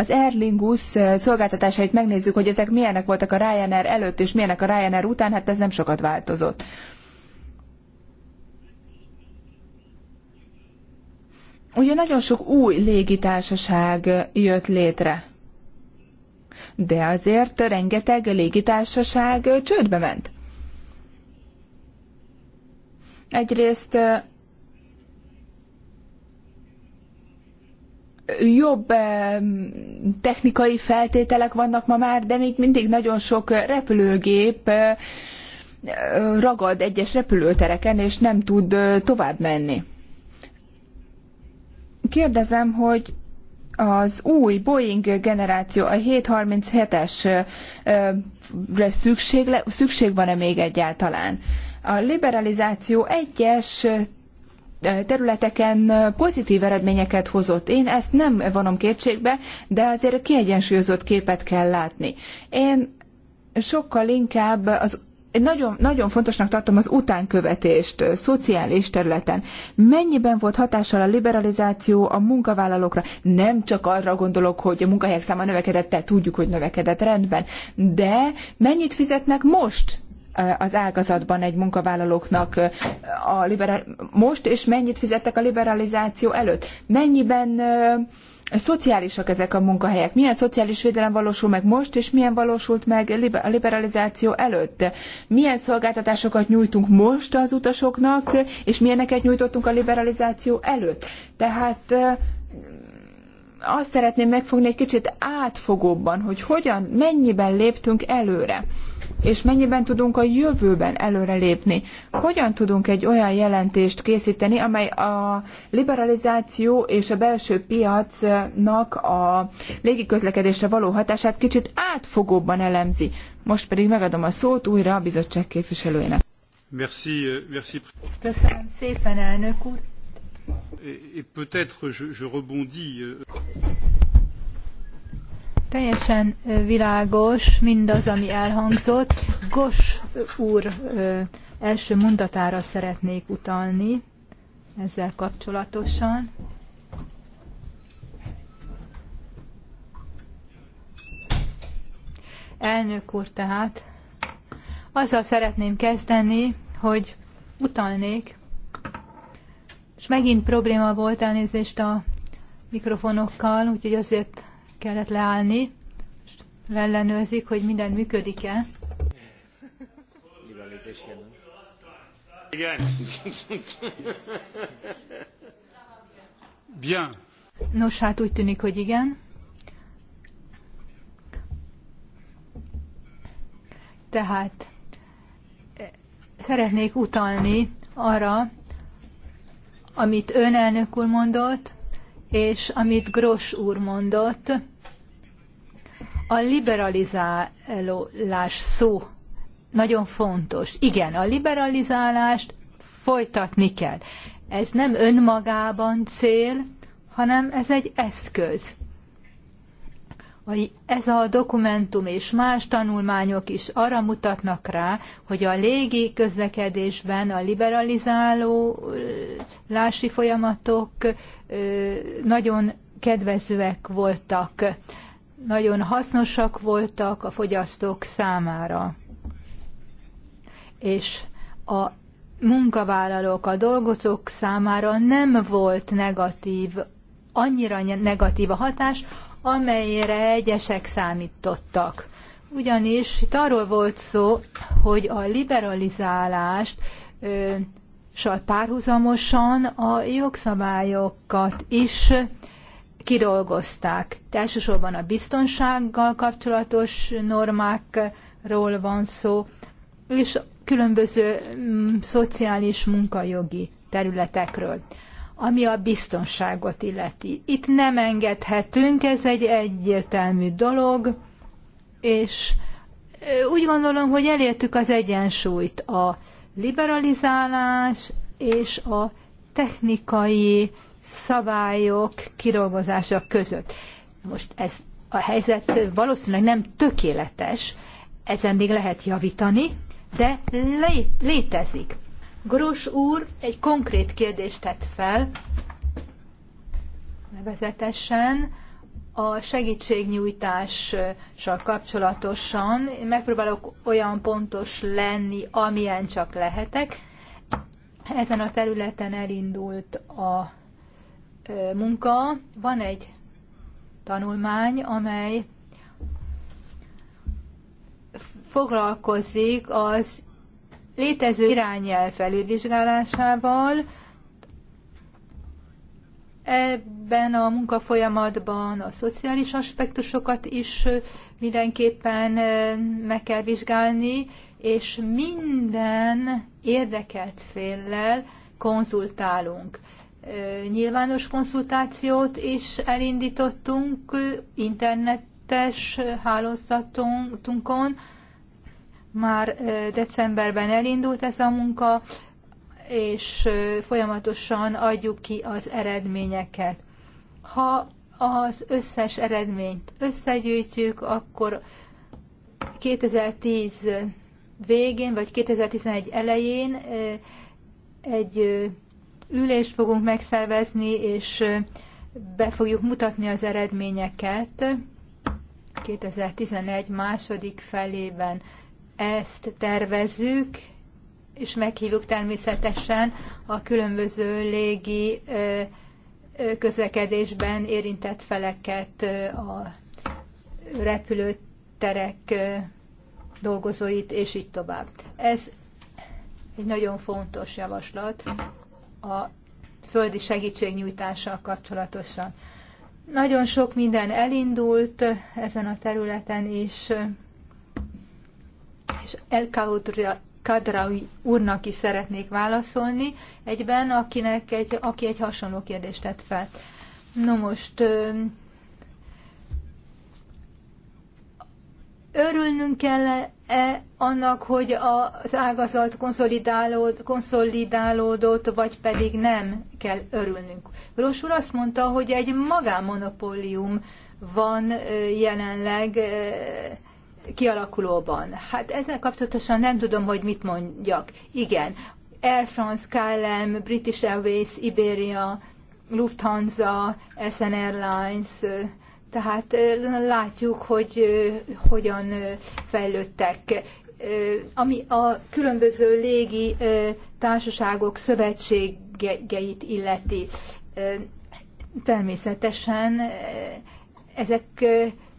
az Erlingus szolgáltatásait megnézzük, hogy ezek milyenek voltak a Ryanair előtt és milyenek a Ryanair után, hát ez nem sokat változott. Ugye nagyon sok új légitársaság jött létre. De azért rengeteg légitársaság csődbe ment. Egyrészt jobb technikai feltételek vannak ma már, de még mindig nagyon sok repülőgép ragad egyes repülőtereken, és nem tud tovább menni. Kérdezem, hogy az új Boeing generáció, a 737-esre szükség, szükség van-e még egyáltalán? A liberalizáció egyes területeken pozitív eredményeket hozott. Én ezt nem vonom kétségbe, de azért kiegyensúlyozott képet kell látni. Én sokkal inkább az nagyon, nagyon fontosnak tartom az utánkövetést szociális területen. Mennyiben volt hatással a liberalizáció a munkavállalókra? Nem csak arra gondolok, hogy a munkahelyek száma növekedett, te tudjuk, hogy növekedett rendben, de mennyit fizetnek most az ágazatban egy munkavállalóknak a liberál... most, és mennyit fizettek a liberalizáció előtt? Mennyiben szociálisak ezek a munkahelyek? Milyen szociális védelem valósul meg most, és milyen valósult meg a liberalizáció előtt? Milyen szolgáltatásokat nyújtunk most az utasoknak, és milyeneket nyújtottunk a liberalizáció előtt? Tehát azt szeretném megfogni egy kicsit átfogóbban, hogy hogyan, mennyiben léptünk előre és mennyiben tudunk a jövőben előrelépni. Hogyan tudunk egy olyan jelentést készíteni, amely a liberalizáció és a belső piacnak a légiközlekedésre való hatását kicsit átfogóbban elemzi. Most pedig megadom a szót újra a bizottság képviselőjének. Merci, euh, merci. Köszönöm szépen, elnök úr. Et, et peut-être je, je rebondis. Euh, Teljesen világos mindaz, ami elhangzott. Gos úr első mondatára szeretnék utalni ezzel kapcsolatosan. Elnök úr tehát, azzal szeretném kezdeni, hogy utalnék, és megint probléma volt elnézést a mikrofonokkal, úgyhogy azért kellett leállni, és ellenőrzik, hogy minden működik-e. Igen. Bien. Nos, hát úgy tűnik, hogy igen. Tehát eh, szeretnék utalni arra, amit ön elnök úr mondott, és amit Gross úr mondott, a liberalizálás szó nagyon fontos. Igen, a liberalizálást folytatni kell. Ez nem önmagában cél, hanem ez egy eszköz. Ez a dokumentum és más tanulmányok is arra mutatnak rá, hogy a légi közlekedésben a liberalizálási folyamatok nagyon kedvezőek voltak nagyon hasznosak voltak a fogyasztók számára. És a munkavállalók, a dolgozók számára nem volt negatív, annyira negatív a hatás, amelyre egyesek számítottak. Ugyanis itt arról volt szó, hogy a liberalizálást ö, párhuzamosan a jogszabályokat is kidolgozták. Elsősorban a biztonsággal kapcsolatos normákról van szó, és különböző mm, szociális munkajogi területekről. Ami a biztonságot illeti. Itt nem engedhetünk, ez egy egyértelmű dolog, és úgy gondolom, hogy elértük az egyensúlyt a liberalizálás és a technikai szabályok kidolgozása között. Most ez a helyzet valószínűleg nem tökéletes, ezen még lehet javítani, de lé létezik. Gros úr egy konkrét kérdést tett fel, nevezetesen a segítségnyújtással kapcsolatosan. Én megpróbálok olyan pontos lenni, amilyen csak lehetek. Ezen a területen elindult a munka, van egy tanulmány, amely foglalkozik az létező irányjel felülvizsgálásával. Ebben a munkafolyamatban a szociális aspektusokat is mindenképpen meg kell vizsgálni, és minden érdekelt féllel konzultálunk nyilvános konzultációt is elindítottunk internetes hálózatunkon. Már decemberben elindult ez a munka, és folyamatosan adjuk ki az eredményeket. Ha az összes eredményt összegyűjtjük, akkor 2010 végén, vagy 2011 elején egy ülést fogunk megszervezni, és be fogjuk mutatni az eredményeket 2011 második felében. Ezt tervezzük, és meghívjuk természetesen a különböző légi közlekedésben érintett feleket, a repülőterek dolgozóit, és így tovább. Ez egy nagyon fontos javaslat, a földi segítségnyújtással kapcsolatosan. Nagyon sok minden elindult ezen a területen és és El Kadraui úrnak is szeretnék válaszolni egyben, akinek egy, aki egy hasonló kérdést tett fel. No most, örülnünk kell -e annak, hogy az ágazat konszolidálód, konszolidálódott, vagy pedig nem kell örülnünk. Gross úr azt mondta, hogy egy magámonopólium van e, jelenleg e, kialakulóban. Hát ezzel kapcsolatosan nem tudom, hogy mit mondjak. Igen, Air France, KLM, British Airways, Iberia, Lufthansa, SN Airlines, e, tehát látjuk, hogy hogyan fejlődtek. Ami a különböző légi társaságok szövetségeit illeti, természetesen ezek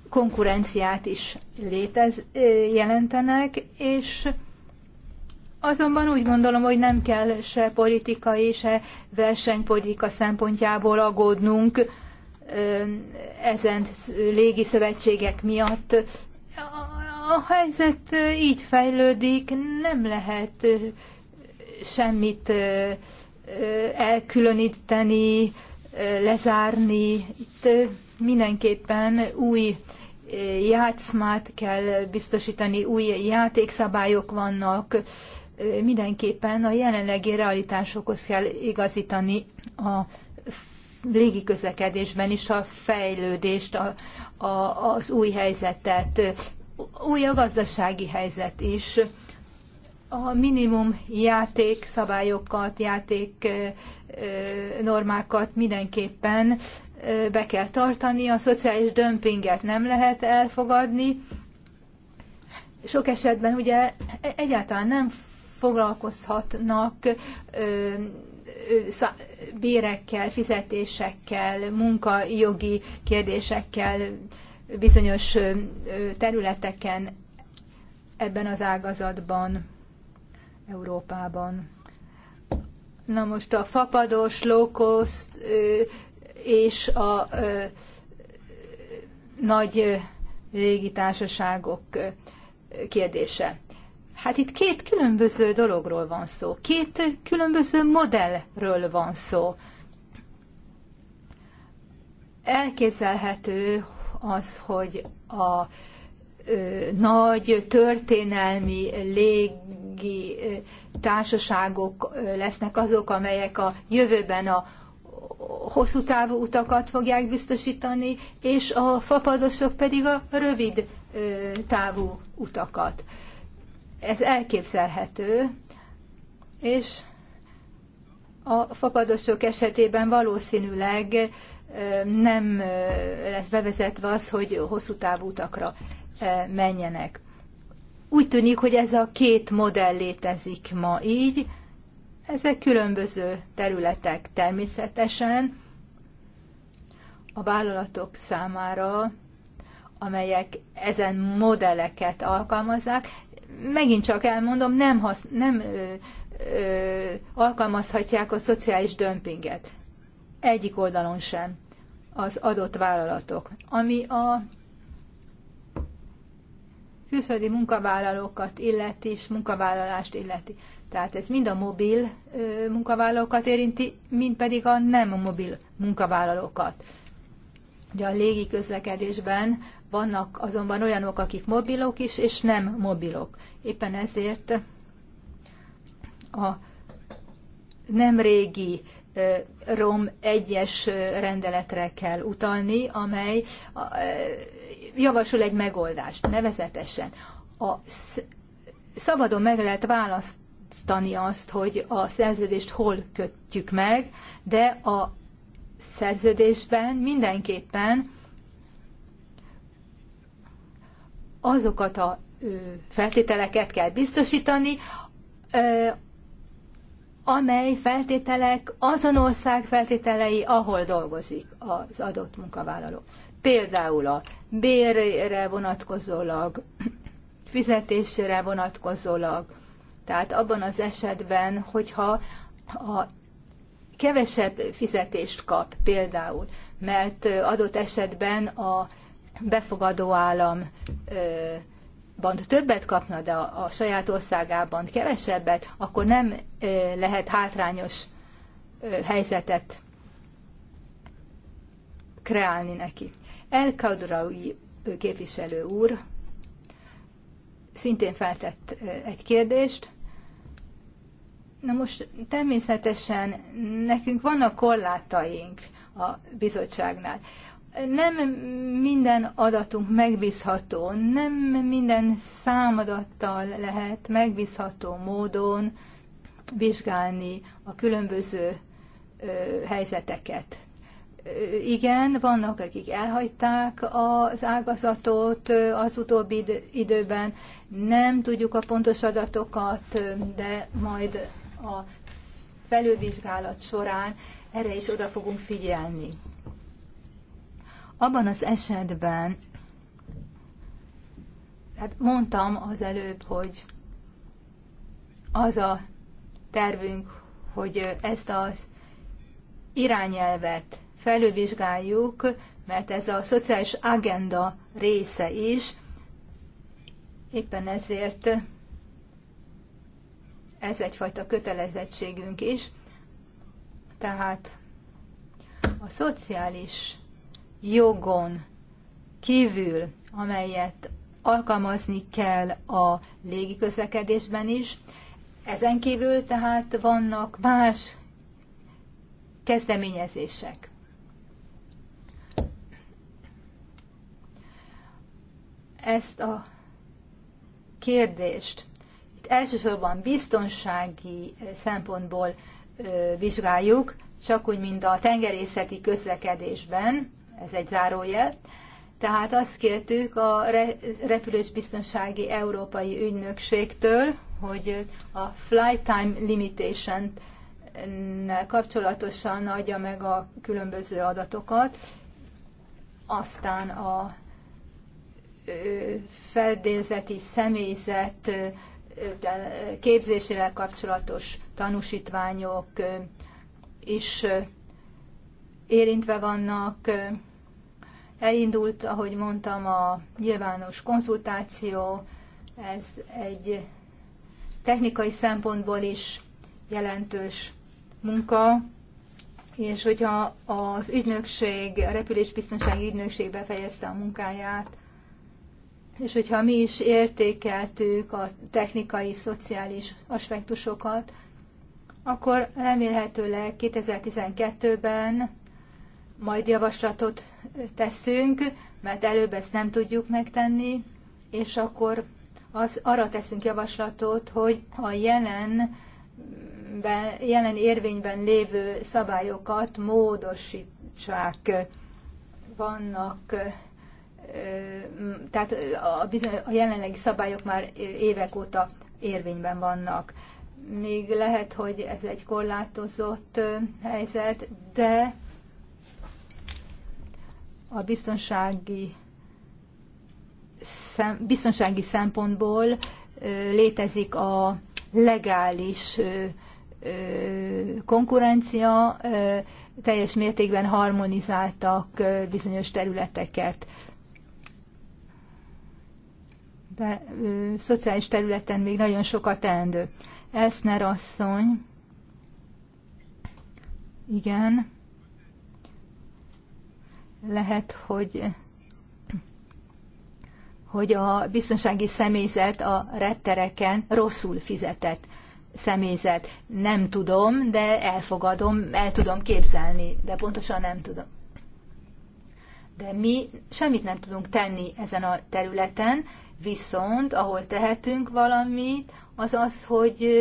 konkurenciát is létez, jelentenek, és azonban úgy gondolom, hogy nem kell se politikai, se versenypolitika szempontjából aggódnunk, ezen szövetségek miatt. A helyzet így fejlődik, nem lehet semmit elkülöníteni, lezárni. Itt mindenképpen új játszmát kell biztosítani, új játékszabályok vannak, mindenképpen a jelenlegi realitásokhoz kell igazítani a légi közlekedésben is a fejlődést, a, a, az új helyzetet, új a gazdasági helyzet is. A minimum játék szabályokat, játék normákat mindenképpen be kell tartani, a szociális dömpinget nem lehet elfogadni. Sok esetben ugye egyáltalán nem foglalkozhatnak bérekkel, fizetésekkel, munkajogi kérdésekkel, bizonyos területeken ebben az ágazatban, Európában. Na most a fapados, lókosz és a nagy légitársaságok kérdése. Hát itt két különböző dologról van szó, két különböző modellről van szó. Elképzelhető az, hogy a ö, nagy történelmi légi ö, társaságok ö, lesznek azok, amelyek a jövőben a hosszú távú utakat fogják biztosítani, és a fapadosok pedig a rövid ö, távú utakat. Ö, ez elképzelhető, és a fapadosok esetében valószínűleg nem lesz bevezetve az, hogy hosszú távú utakra menjenek. Úgy tűnik, hogy ez a két modell létezik ma így. Ezek különböző területek természetesen a vállalatok számára, amelyek ezen modelleket alkalmazzák, megint csak elmondom, nem, hasz, nem ö, ö, alkalmazhatják a szociális dömpinget. Egyik oldalon sem az adott vállalatok. Ami a külföldi munkavállalókat illeti, és munkavállalást illeti. Tehát ez mind a mobil munkavállalókat érinti, mind pedig a nem mobil munkavállalókat. Ugye a légi közlekedésben vannak azonban olyanok, akik mobilok is, és nem mobilok. Éppen ezért a nem régi ROM egyes rendeletre kell utalni, amely javasol egy megoldást, nevezetesen. A szabadon meg lehet választani azt, hogy a szerződést hol kötjük meg, de a szerződésben mindenképpen azokat a feltételeket kell biztosítani, amely feltételek azon ország feltételei, ahol dolgozik az adott munkavállaló. Például a bérre vonatkozólag, fizetésre vonatkozólag, tehát abban az esetben, hogyha a kevesebb fizetést kap például, mert adott esetben a befogadó államban többet kapna, de a, a saját országában kevesebbet, akkor nem lehet hátrányos helyzetet kreálni neki. El Kadraui képviselő úr szintén feltett egy kérdést, Na most természetesen nekünk vannak korlátaink a bizottságnál. Nem minden adatunk megbízható, nem minden számadattal lehet megbízható módon vizsgálni a különböző ö, helyzeteket. igen, vannak, akik elhagyták az ágazatot az utóbbi időben, nem tudjuk a pontos adatokat, de majd a felülvizsgálat során erre is oda fogunk figyelni. Abban az esetben, hát mondtam az előbb, hogy az a tervünk, hogy ezt az irányelvet felülvizsgáljuk, mert ez a szociális agenda része is, éppen ezért ez egyfajta kötelezettségünk is. Tehát a szociális jogon kívül, amelyet alkalmazni kell a légiközlekedésben is, ezen kívül tehát vannak más kezdeményezések. Ezt a kérdést elsősorban biztonsági eh, szempontból eh, vizsgáljuk, csak úgy, mint a tengerészeti közlekedésben, ez egy zárójel. Tehát azt kértük a repülősbiztonsági európai ügynökségtől, hogy a flight time limitation kapcsolatosan adja meg a különböző adatokat, aztán a feldélzeti személyzet képzésével kapcsolatos tanúsítványok is érintve vannak. Elindult, ahogy mondtam, a nyilvános konzultáció, ez egy technikai szempontból is jelentős munka, és hogyha az ügynökség, a repülésbiztonsági ügynökség befejezte a munkáját, és hogyha mi is értékeltük a technikai, szociális aspektusokat, akkor remélhetőleg 2012-ben majd javaslatot teszünk, mert előbb ezt nem tudjuk megtenni, és akkor az, arra teszünk javaslatot, hogy a jelen, jelen érvényben lévő szabályokat módosítsák. Vannak tehát a, a jelenlegi szabályok már évek óta érvényben vannak. Még lehet, hogy ez egy korlátozott helyzet, de a biztonsági, szem, biztonsági szempontból létezik a legális konkurencia, teljes mértékben harmonizáltak bizonyos területeket te, ö, szociális területen még nagyon sokat teendő. Eszner asszony, igen, lehet, hogy hogy a biztonsági személyzet a rettereken rosszul fizetett személyzet. Nem tudom, de elfogadom, el tudom képzelni, de pontosan nem tudom. De mi semmit nem tudunk tenni ezen a területen, Viszont, ahol tehetünk valamit, az az, hogy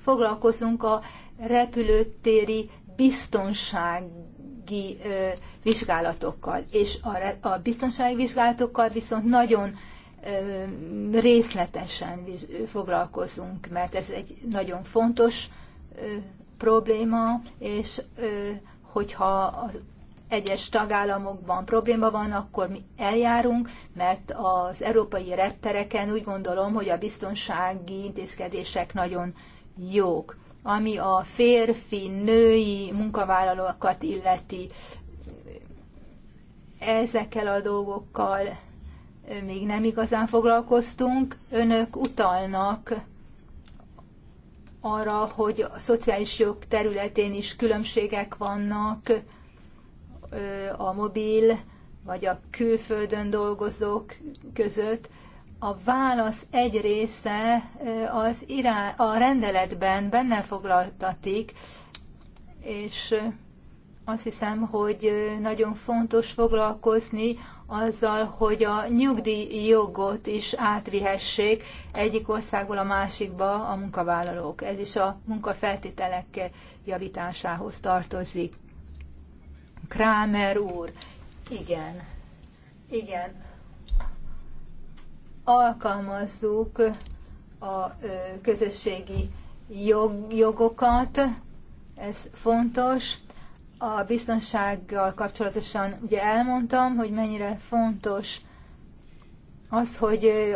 foglalkozunk a repülőtéri biztonsági vizsgálatokkal. És a, biztonsági vizsgálatokkal viszont nagyon részletesen foglalkozunk, mert ez egy nagyon fontos probléma, és hogyha egyes tagállamokban probléma van, akkor mi eljárunk, mert az európai reptereken úgy gondolom, hogy a biztonsági intézkedések nagyon jók. Ami a férfi, női munkavállalókat illeti, ezekkel a dolgokkal még nem igazán foglalkoztunk. Önök utalnak arra, hogy a szociális jog területén is különbségek vannak, a mobil vagy a külföldön dolgozók között, a válasz egy része az irá, a rendeletben benne foglaltatik, és azt hiszem, hogy nagyon fontos foglalkozni azzal, hogy a nyugdíj jogot is átvihessék egyik országból a másikba a munkavállalók. Ez is a munkafeltételek javításához tartozik. Krámer úr. Igen, igen. Alkalmazzuk a közösségi jog, jogokat, ez fontos. A biztonsággal kapcsolatosan ugye elmondtam, hogy mennyire fontos az, hogy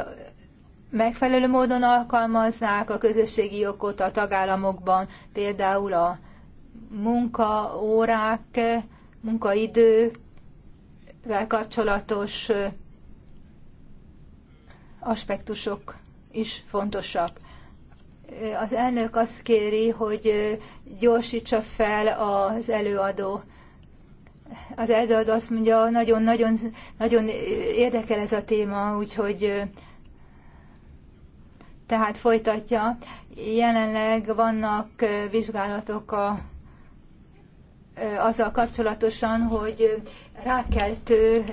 megfelelő módon alkalmazzák a közösségi jogot a tagállamokban, például a munkaórák munkaidővel kapcsolatos aspektusok is fontosak. Az elnök azt kéri, hogy gyorsítsa fel az előadó. Az előadó azt mondja, nagyon-nagyon nagyon érdekel ez a téma, úgyhogy tehát folytatja. Jelenleg vannak vizsgálatok a azzal kapcsolatosan, hogy rákeltő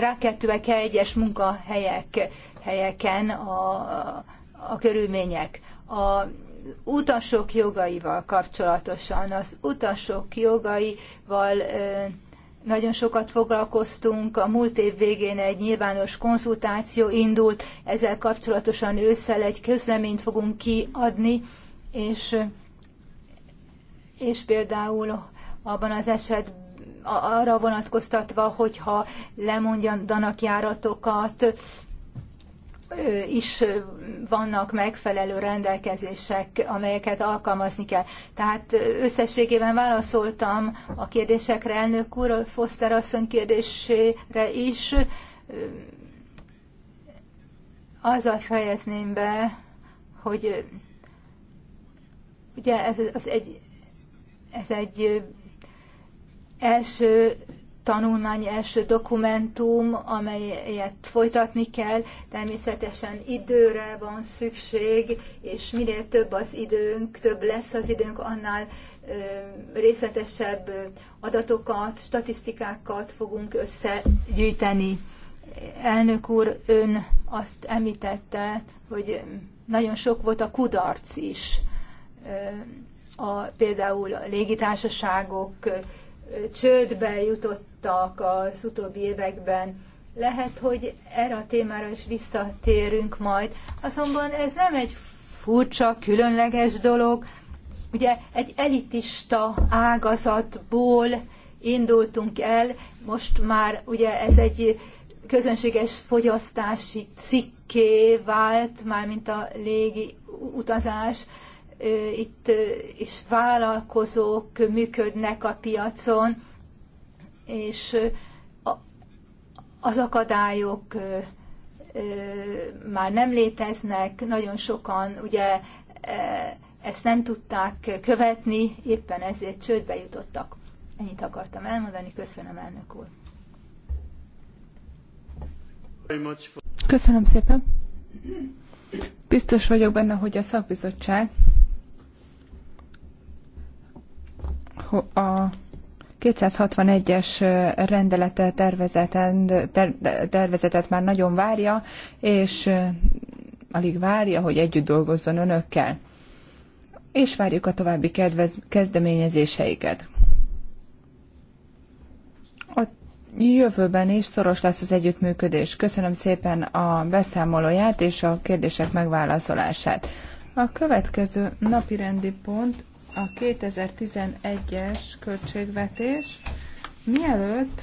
rákeltőek -e egyes munkahelyek helyeken a, a körülmények. A utasok jogaival kapcsolatosan, az utasok jogaival nagyon sokat foglalkoztunk, a múlt év végén egy nyilvános konzultáció indult, ezzel kapcsolatosan ősszel egy közleményt fogunk kiadni, és és például abban az esetben, arra vonatkoztatva, hogyha lemondjanak járatokat, is vannak megfelelő rendelkezések, amelyeket alkalmazni kell. Tehát összességében válaszoltam a kérdésekre, elnök úr, Foster asszony kérdésére is. Azzal fejezném be, hogy ugye ez az egy ez egy első tanulmány, első dokumentum, amelyet folytatni kell. Természetesen időre van szükség, és minél több az időnk, több lesz az időnk, annál részletesebb adatokat, statisztikákat fogunk összegyűjteni. Elnök úr, ön azt említette, hogy nagyon sok volt a kudarc is a, például a légitársaságok csődbe jutottak az utóbbi években. Lehet, hogy erre a témára is visszatérünk majd, azonban ez nem egy furcsa, különleges dolog. Ugye egy elitista ágazatból indultunk el, most már ugye ez egy közönséges fogyasztási cikké vált, mármint a légi utazás, itt is vállalkozók működnek a piacon, és az akadályok már nem léteznek, nagyon sokan ugye e, ezt nem tudták követni, éppen ezért csődbe jutottak. Ennyit akartam elmondani, köszönöm elnök úr. Köszönöm szépen. Biztos vagyok benne, hogy a szakbizottság a 261-es rendelete tervezeten, ter, tervezetet már nagyon várja, és alig várja, hogy együtt dolgozzon önökkel. És várjuk a további kedvez, kezdeményezéseiket. A jövőben is szoros lesz az együttműködés. Köszönöm szépen a beszámolóját és a kérdések megválaszolását. A következő napi rendi pont a 2011-es költségvetés, mielőtt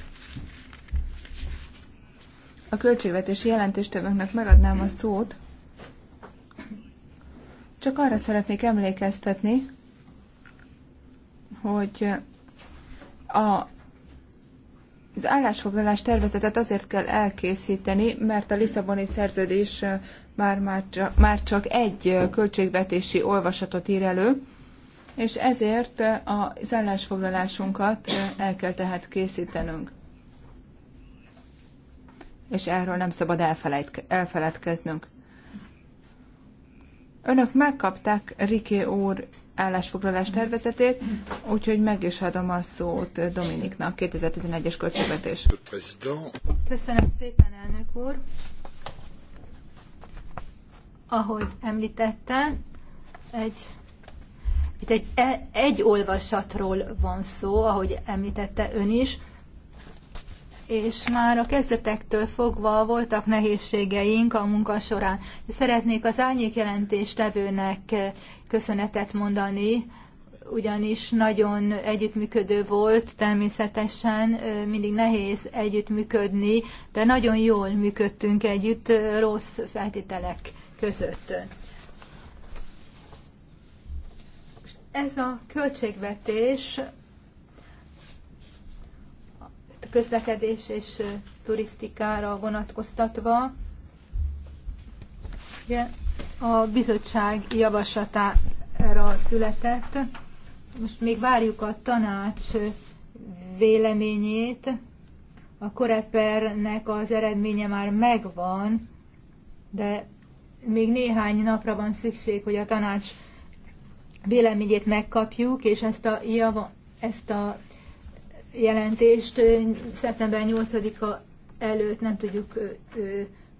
a költségvetési jelentéstevőknek megadnám a szót, csak arra szeretnék emlékeztetni, hogy a az állásfoglalás tervezetet azért kell elkészíteni, mert a Lisszaboni szerződés már, már, csak, már csak egy költségvetési olvasatot ír elő, és ezért az állásfoglalásunkat el kell tehát készítenünk. És erről nem szabad elfeledkeznünk. Önök megkapták Riké úr állásfoglalás tervezetét, úgyhogy meg is adom a szót Dominiknak, 2011-es költségvetés. Köszönöm szépen, elnök úr! Ahogy említette, egy itt egy, e, egy olvasatról van szó, ahogy említette ön is, és már a kezdetektől fogva voltak nehézségeink a munka során. Szeretnék az tevőnek e, köszönetet mondani, ugyanis nagyon együttműködő volt, természetesen e, mindig nehéz együttműködni, de nagyon jól működtünk együtt rossz feltételek között. Ez a költségvetés közlekedés és turisztikára vonatkoztatva ugye, a bizottság javaslatára született. Most még várjuk a tanács véleményét. A korepernek az eredménye már megvan, de még néhány napra van szükség, hogy a tanács véleményét megkapjuk, és ezt a, java, ezt a jelentést szeptember 8-a előtt nem tudjuk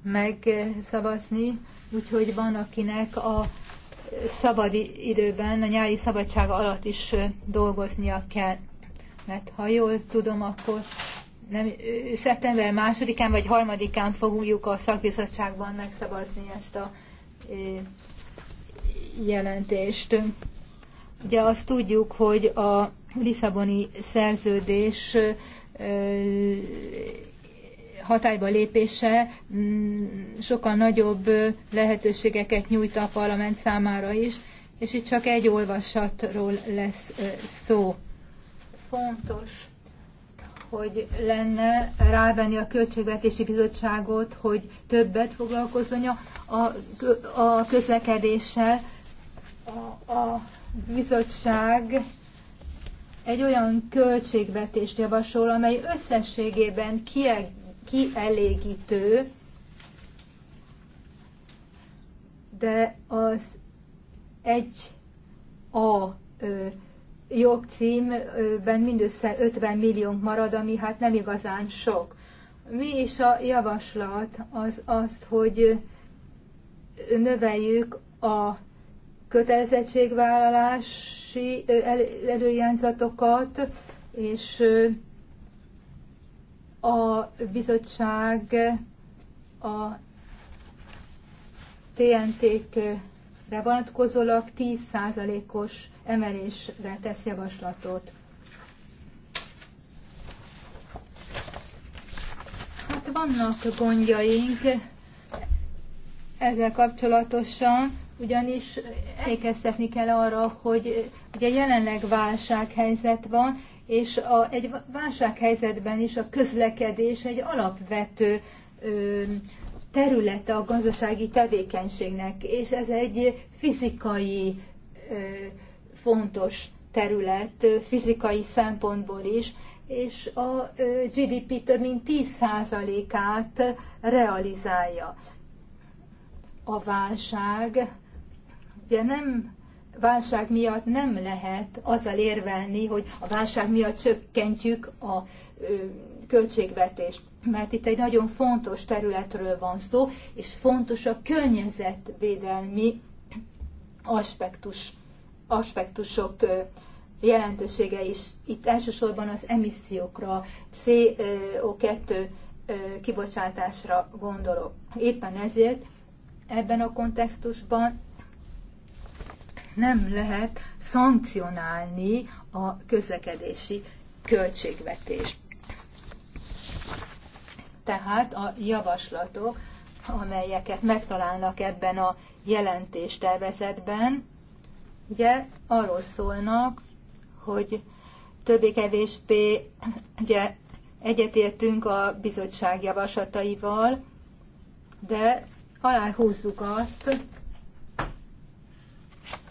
megszavazni, úgyhogy van, akinek a szabad időben, a nyári szabadság alatt is dolgoznia kell. Mert ha jól tudom, akkor nem, szeptember másodikán vagy harmadikán fogjuk a szakbizottságban megszavazni ezt a jelentést. Ugye azt tudjuk, hogy a Lisszaboni szerződés hatályba lépése mm, sokkal nagyobb lehetőségeket nyújt a parlament számára is, és itt csak egy olvasatról lesz szó. Fontos, hogy lenne rávenni a Költségvetési Bizottságot, hogy többet foglalkozzon a, a közlekedéssel, a, a bizottság egy olyan költségvetést javasol, amely összességében kielégítő, de az egy a jogcímben mindössze 50 milliónk marad, ami hát nem igazán sok. Mi is a javaslat? Az, az hogy növeljük a kötelezettségvállalási előirányzatokat, és a bizottság a TNT-kre vonatkozólag 10%-os emelésre tesz javaslatot. Hát vannak gondjaink ezzel kapcsolatosan, ugyanis emlékeztetni kell arra, hogy ugye jelenleg válsághelyzet van, és a, egy válsághelyzetben is a közlekedés egy alapvető ö, területe a gazdasági tevékenységnek, és ez egy fizikai ö, fontos terület, fizikai szempontból is, és a GDP több mint 10%-át realizálja. A válság Ugye nem válság miatt nem lehet azzal érvelni, hogy a válság miatt csökkentjük a költségvetést, mert itt egy nagyon fontos területről van szó, és fontos a környezetvédelmi aspektus, aspektusok jelentősége is. Itt elsősorban az emissziókra, CO2 kibocsátásra gondolok. Éppen ezért ebben a kontextusban nem lehet szankcionálni a közlekedési költségvetés. Tehát a javaslatok, amelyeket megtalálnak ebben a jelentéstervezetben, ugye arról szólnak, hogy többé-kevésbé ugye egyetértünk a bizottság javaslataival, de aláhúzzuk azt,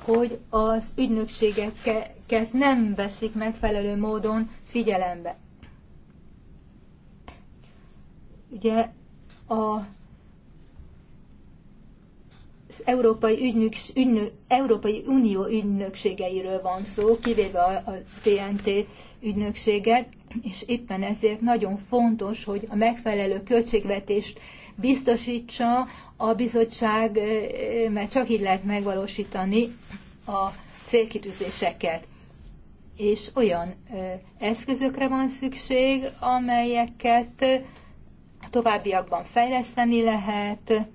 hogy az ügynökségeket nem veszik megfelelő módon figyelembe. Ugye a az Európai, ügynök, ügynök, Európai Unió ügynökségeiről van szó, kivéve a, a TNT ügynökséget, és éppen ezért nagyon fontos, hogy a megfelelő költségvetést biztosítsa a bizottság, mert csak így lehet megvalósítani a célkitűzéseket. És olyan eszközökre van szükség, amelyeket a továbbiakban fejleszteni lehet.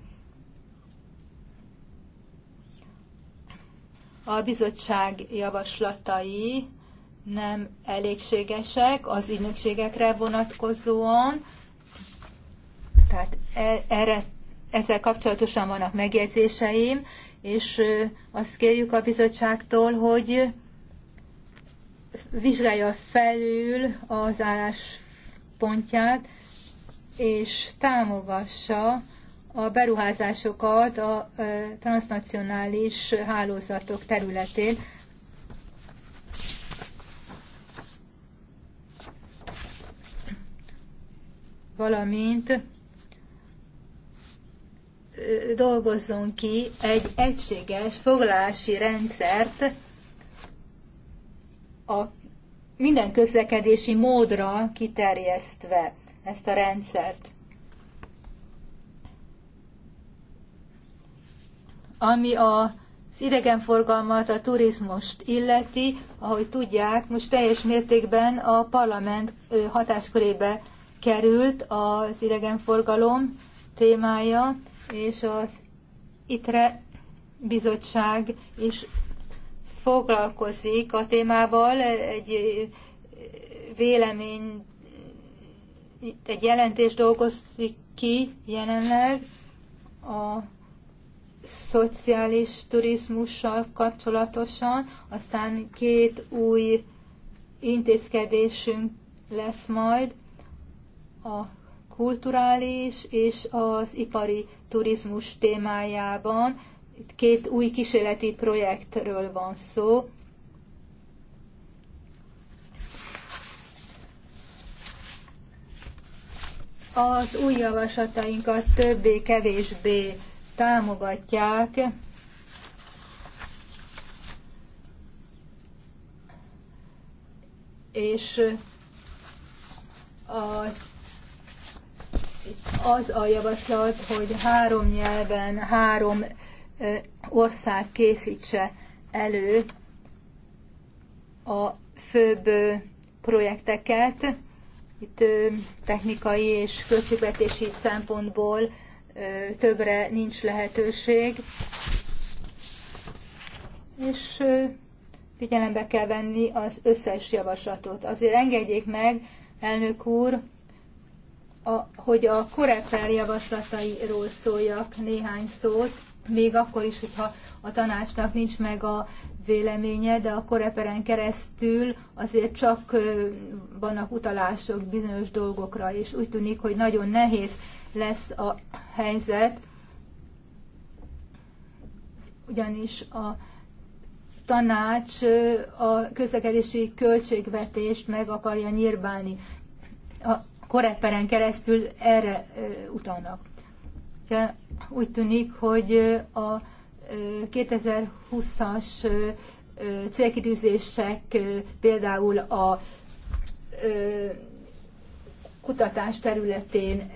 A bizottság javaslatai nem elégségesek az ügynökségekre vonatkozóan, tehát e- erre ezzel kapcsolatosan vannak megjegyzéseim, és azt kérjük a bizottságtól, hogy vizsgálja felül az álláspontját, és támogassa a beruházásokat a transnacionális hálózatok területén. Valamint dolgozzon ki egy egységes foglalási rendszert a minden közlekedési módra kiterjesztve ezt a rendszert. Ami a az idegenforgalmat, a turizmust illeti, ahogy tudják, most teljes mértékben a parlament hatáskörébe került az idegenforgalom témája és az ITRE bizottság is foglalkozik a témával, egy vélemény, egy jelentés dolgozik ki jelenleg a szociális turizmussal kapcsolatosan, aztán két új intézkedésünk lesz majd, a kulturális és az ipari turizmus témájában. Itt két új kísérleti projektről van szó. Az új javaslatainkat többé-kevésbé támogatják. És az az a javaslat, hogy három nyelven, három ország készítse elő a főbb projekteket. Itt technikai és költségvetési szempontból többre nincs lehetőség, és figyelembe kell venni az összes javaslatot. Azért engedjék meg, elnök úr, a, hogy a korepel javaslatairól szóljak néhány szót, még akkor is, hogyha a tanácsnak nincs meg a véleménye, de a koreperen keresztül azért csak vannak utalások bizonyos dolgokra, és úgy tűnik, hogy nagyon nehéz lesz a helyzet, ugyanis a tanács a közlekedési költségvetést meg akarja nyírbálni. A koreperen keresztül erre utalnak. Úgy tűnik, hogy a 2020-as célkidűzések például a kutatás területén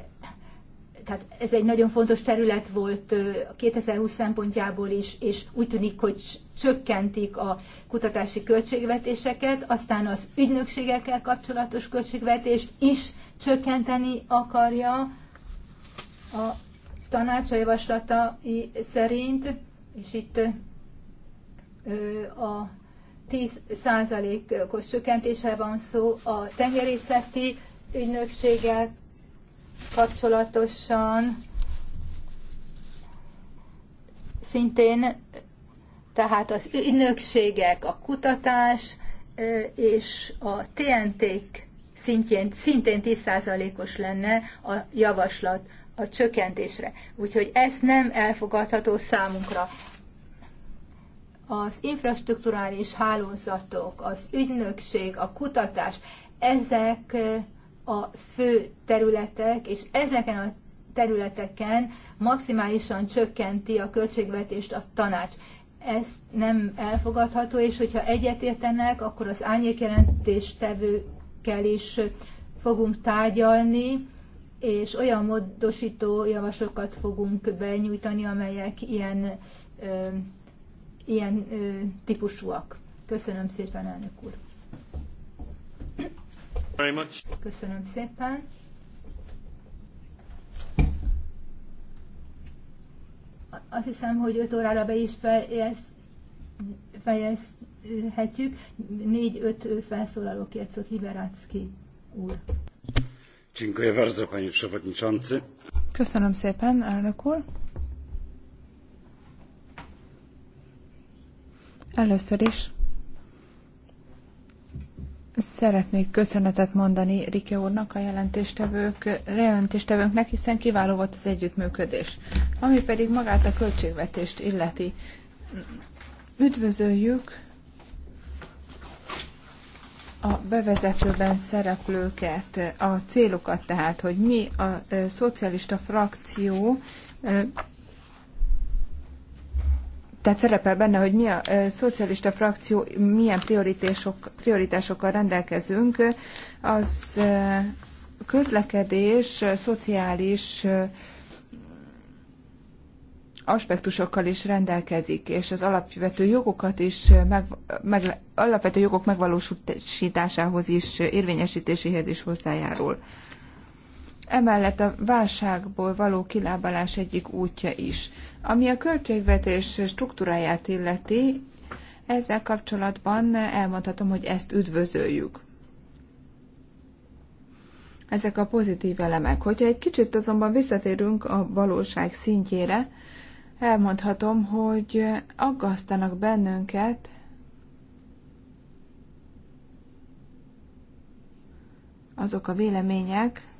tehát ez egy nagyon fontos terület volt 2020 szempontjából is, és úgy tűnik, hogy csökkentik a kutatási költségvetéseket, aztán az ügynökségekkel kapcsolatos költségvetést is csökkenteni akarja a tanács a szerint, és itt a 10%-os csökkentése van szó a tengerészeti ügynökségek kapcsolatosan szintén, tehát az ügynökségek, a kutatás és a TNT-k szintjén, szintén 10%-os lenne a javaslat a csökkentésre. Úgyhogy ez nem elfogadható számunkra. Az infrastruktúrális hálózatok, az ügynökség, a kutatás, ezek a fő területek, és ezeken a területeken maximálisan csökkenti a költségvetést a tanács. Ez nem elfogadható, és hogyha egyetértenek, akkor az árnyékjelentéstevőkkel is fogunk tárgyalni, és olyan módosító javasokat fogunk benyújtani, amelyek ilyen, ö, ilyen ö, típusúak. Köszönöm szépen, elnök úr! Köszönöm szépen. Azt hiszem, hogy 5 órára be is fejezhetjük. 4-5 felszólalókért szólt Liberácki úr. Dziękuję bardzo, panie przewodniczący. Köszönöm szépen, elnök úr. Először is Szeretnék köszönetet mondani Rike úrnak, a jelentéstevők, jelentéstevőnknek, hiszen kiváló volt az együttműködés. Ami pedig magát a költségvetést illeti. Üdvözöljük a bevezetőben szereplőket, a célokat tehát, hogy mi a szocialista frakció tehát szerepel benne, hogy mi a szocialista frakció, milyen prioritások, prioritásokkal rendelkezünk. Az közlekedés szociális aspektusokkal is rendelkezik, és az alapvető jogokat is, meg, meg, alapvető jogok megvalósításához is, érvényesítéséhez is hozzájárul. Emellett a válságból való kilábalás egyik útja is. Ami a költségvetés struktúráját illeti, ezzel kapcsolatban elmondhatom, hogy ezt üdvözöljük. Ezek a pozitív elemek. Hogyha egy kicsit azonban visszatérünk a valóság szintjére, elmondhatom, hogy aggasztanak bennünket azok a vélemények,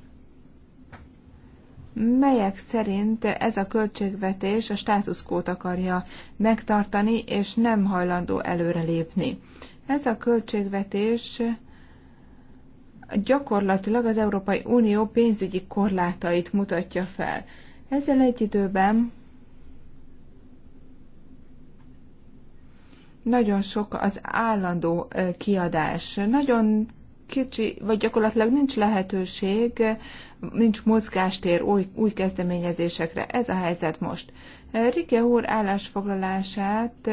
melyek szerint ez a költségvetés a státuszkót akarja megtartani, és nem hajlandó előrelépni. Ez a költségvetés gyakorlatilag az Európai Unió pénzügyi korlátait mutatja fel. Ezzel egy időben nagyon sok az állandó kiadás. Nagyon kicsi, vagy gyakorlatilag nincs lehetőség, nincs mozgástér új, új kezdeményezésekre. Ez a helyzet most. Rike úr állásfoglalását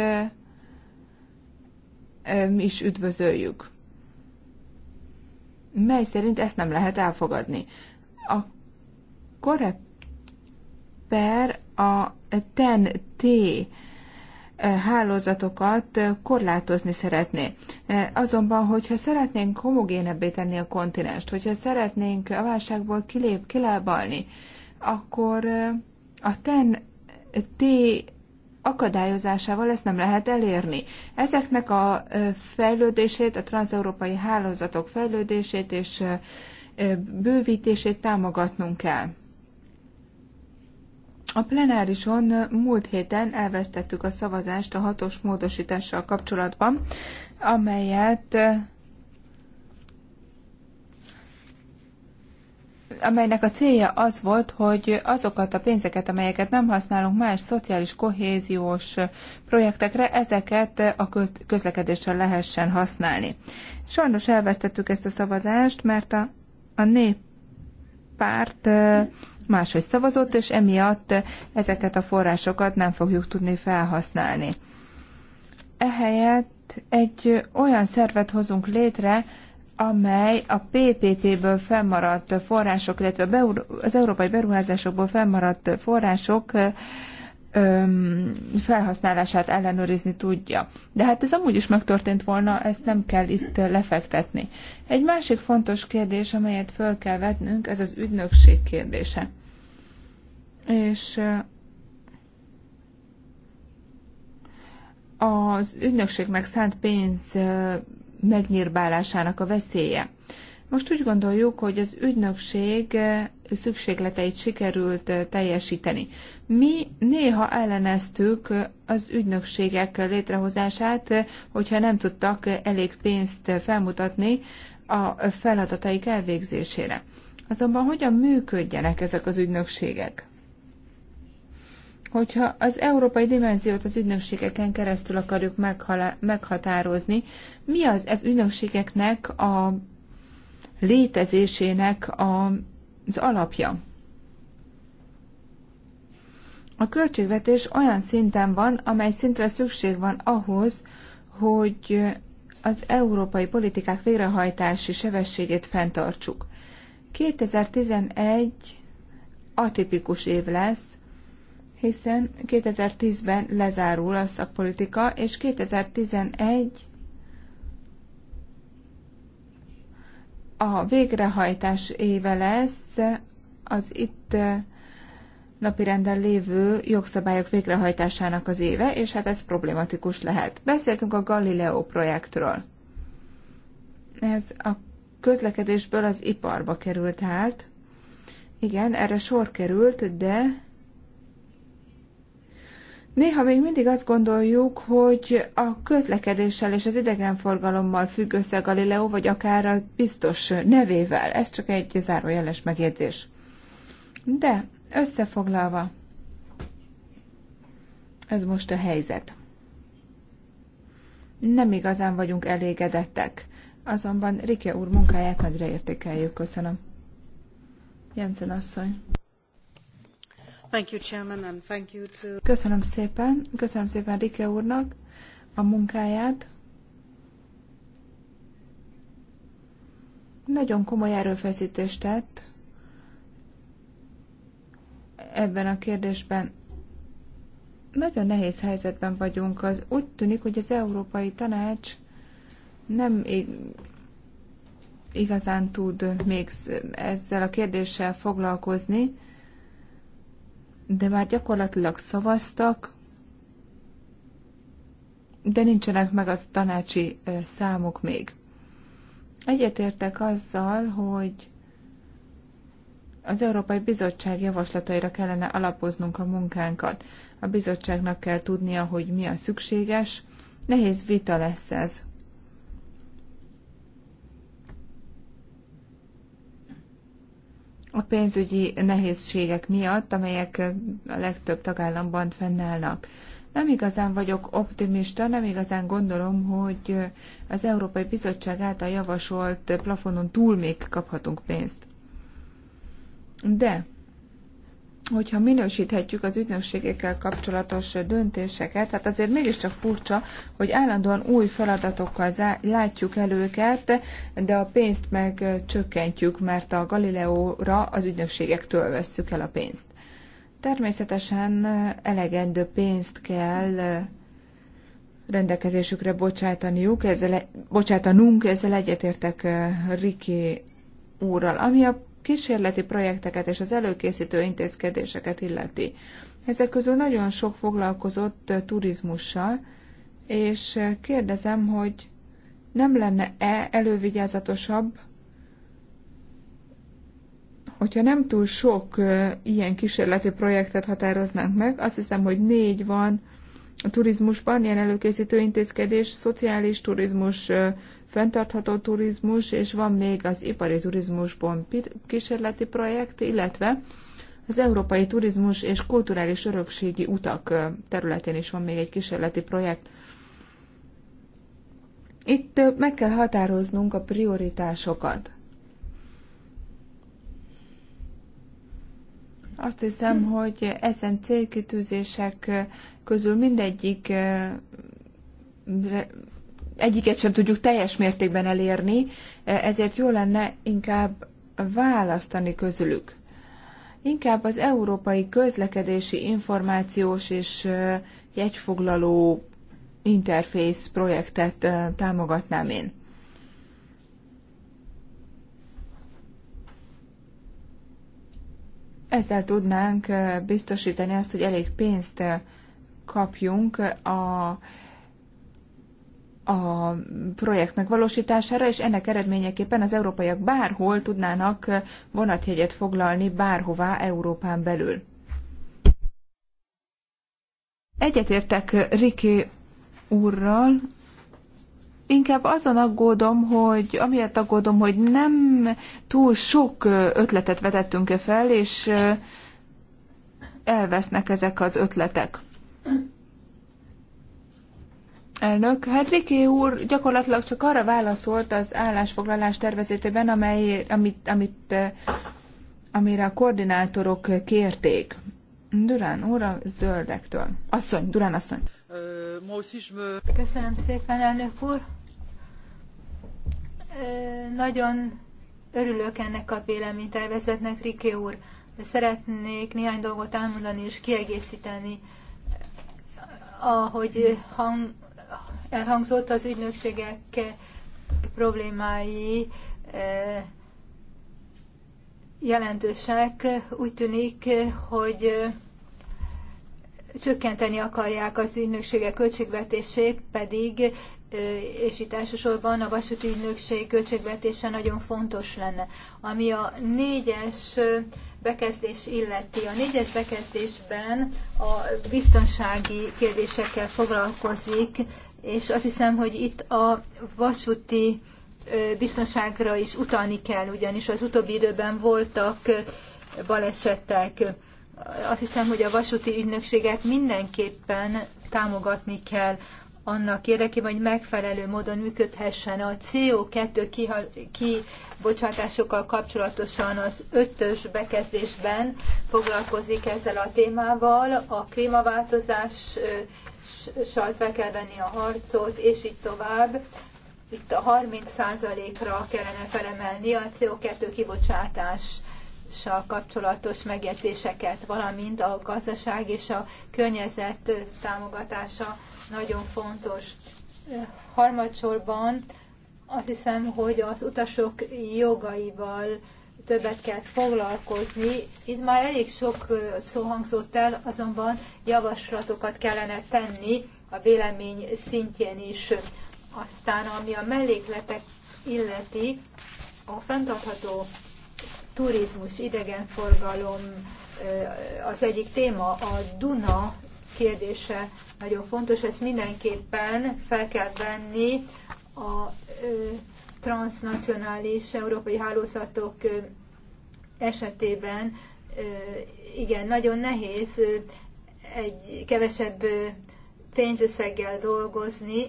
is üdvözöljük. Mely szerint ezt nem lehet elfogadni. A koreper a TEN-T hálózatokat korlátozni szeretné. Azonban, hogyha szeretnénk homogénebbé tenni a kontinenst, hogyha szeretnénk a válságból kilép, kilábalni, akkor a TEN T akadályozásával ezt nem lehet elérni. Ezeknek a fejlődését, a transeurópai hálózatok fejlődését és bővítését támogatnunk kell. A plenárison múlt héten elvesztettük a szavazást a hatos módosítással kapcsolatban, amelyet amelynek a célja az volt, hogy azokat a pénzeket, amelyeket nem használunk más szociális kohéziós projektekre, ezeket a közlekedésre lehessen használni. Sajnos elvesztettük ezt a szavazást, mert a, a néppárt máshogy szavazott, és emiatt ezeket a forrásokat nem fogjuk tudni felhasználni. Ehelyett egy olyan szervet hozunk létre, amely a PPP-ből fennmaradt források, illetve az európai beruházásokból fennmaradt források felhasználását ellenőrizni tudja. De hát ez amúgy is megtörtént volna, ezt nem kell itt lefektetni. Egy másik fontos kérdés, amelyet föl kell vetnünk, ez az ügynökség kérdése. És az ügynökségnek szánt pénz megnyírbálásának a veszélye. Most úgy gondoljuk, hogy az ügynökség szükségleteit sikerült teljesíteni. Mi néha elleneztük az ügynökségek létrehozását, hogyha nem tudtak elég pénzt felmutatni a feladataik elvégzésére. Azonban hogyan működjenek ezek az ügynökségek? hogyha az európai dimenziót az ügynökségeken keresztül akarjuk meghatározni, mi az ez ügynökségeknek a létezésének a az alapja. A költségvetés olyan szinten van, amely szintre szükség van ahhoz, hogy az európai politikák végrehajtási sebességét fenntartsuk. 2011 atipikus év lesz, hiszen 2010-ben lezárul a szakpolitika, és 2011 a végrehajtás éve lesz az itt napirenden lévő jogszabályok végrehajtásának az éve, és hát ez problematikus lehet. Beszéltünk a Galileo projektről. Ez a közlekedésből az iparba került hát. Igen, erre sor került, de Néha még mindig azt gondoljuk, hogy a közlekedéssel és az idegenforgalommal függ össze Galileo, vagy akár a biztos nevével. Ez csak egy zárójeles megjegyzés. De összefoglalva, ez most a helyzet. Nem igazán vagyunk elégedettek, azonban Rike úr munkáját nagyra értékeljük. Köszönöm. Jensen asszony. Köszönöm szépen, köszönöm szépen Rike úrnak a munkáját. Nagyon komoly erőfeszítést tett ebben a kérdésben. Nagyon nehéz helyzetben vagyunk. Az, úgy tűnik, hogy az Európai Tanács nem igazán tud még ezzel a kérdéssel foglalkozni de már gyakorlatilag szavaztak, de nincsenek meg az tanácsi számok még. Egyetértek azzal, hogy az Európai Bizottság javaslataira kellene alapoznunk a munkánkat. A bizottságnak kell tudnia, hogy mi a szükséges. Nehéz vita lesz ez. a pénzügyi nehézségek miatt, amelyek a legtöbb tagállamban fennállnak. Nem igazán vagyok optimista, nem igazán gondolom, hogy az Európai Bizottság által javasolt plafonon túl még kaphatunk pénzt. De hogyha minősíthetjük az ügynökségekkel kapcsolatos döntéseket, hát azért mégiscsak furcsa, hogy állandóan új feladatokkal látjuk el őket, de a pénzt meg csökkentjük, mert a Galileóra az ügynökségektől vesszük el a pénzt. Természetesen elegendő pénzt kell rendelkezésükre bocsájtaniuk, ezzel, e- bocsátanunk, ezzel egyetértek Riki úrral. Ami a kísérleti projekteket és az előkészítő intézkedéseket illeti. Ezek közül nagyon sok foglalkozott turizmussal, és kérdezem, hogy nem lenne-e elővigyázatosabb, hogyha nem túl sok ilyen kísérleti projektet határoznánk meg, azt hiszem, hogy négy van a turizmusban, ilyen előkészítő intézkedés, szociális turizmus, fenntartható turizmus, és van még az ipari turizmusban kísérleti projekt, illetve az Európai Turizmus és Kulturális Örökségi Utak területén is van még egy kísérleti projekt. Itt meg kell határoznunk a prioritásokat. Azt hiszem, hogy ezen célkitűzések közül mindegyik egyiket sem tudjuk teljes mértékben elérni, ezért jó lenne inkább választani közülük. Inkább az európai közlekedési információs és jegyfoglaló interfész projektet támogatnám én. Ezzel tudnánk biztosítani azt, hogy elég pénzt kapjunk a a projekt megvalósítására, és ennek eredményeképpen az európaiak bárhol tudnának eh, vonatjegyet foglalni bárhová Európán belül. Egyetértek eh, Riki úrral, inkább azon aggódom, hogy amiatt aggódom, hogy nem túl sok eh, ötletet vetettünk -e fel, és elvesznek ezek az ötletek. Elnök, hát Riki úr gyakorlatilag csak arra válaszolt az állásfoglalás tervezetében, amely, amit, amit, eh, amire a koordinátorok kérték. Durán úr a zöldektől. Asszony, Durán asszony. Köszönöm szépen, elnök úr. Eh, nagyon örülök ennek a véleménytervezetnek, Riki úr. Szeretnék néhány dolgot elmondani és kiegészíteni ahogy hang, elhangzott az ügynökségek problémái eh, jelentősek. Úgy tűnik, hogy eh, csökkenteni akarják az ügynökségek költségvetését, pedig, eh, és itt elsősorban a vasúti ügynökség költségvetése nagyon fontos lenne. Ami a négyes bekezdés illeti. A négyes bekezdésben a biztonsági kérdésekkel foglalkozik és azt hiszem, hogy itt a vasúti biztonságra is utalni kell, ugyanis az utóbbi időben voltak balesetek. Azt hiszem, hogy a vasúti ügynökséget mindenképpen támogatni kell annak érdekében, hogy megfelelő módon működhessen a CO2 kibocsátásokkal kapcsolatosan az ötös bekezdésben foglalkozik ezzel a témával, a klímaváltozás terrorizmussal fel kell venni a harcot, és így tovább. Itt a 30%-ra kellene felemelni a CO2 kibocsátással kapcsolatos megjegyzéseket, valamint a gazdaság és a környezet támogatása nagyon fontos. Harmadsorban azt hiszem, hogy az utasok jogaival többet kell foglalkozni. Itt már elég sok szó hangzott el, azonban javaslatokat kellene tenni a vélemény szintjén is. Aztán, ami a mellékletek illeti, a fenntartható turizmus, idegenforgalom az egyik téma, a Duna kérdése nagyon fontos, ezt mindenképpen fel kell venni a transnacionális európai hálózatok esetében igen, nagyon nehéz egy kevesebb pénzösszeggel dolgozni,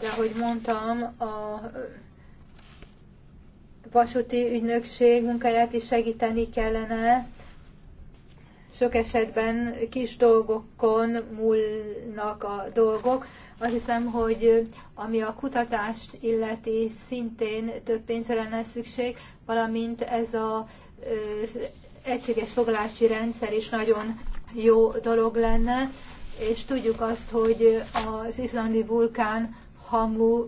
de ahogy mondtam, a vasúti ügynökség munkáját is segíteni kellene. Sok esetben kis dolgokon múlnak a dolgok, azt hiszem, hogy ami a kutatást illeti, szintén több pénzre lenne szükség, valamint ez a az egységes foglalási rendszer is nagyon jó dolog lenne, és tudjuk azt, hogy az izlandi vulkán hamu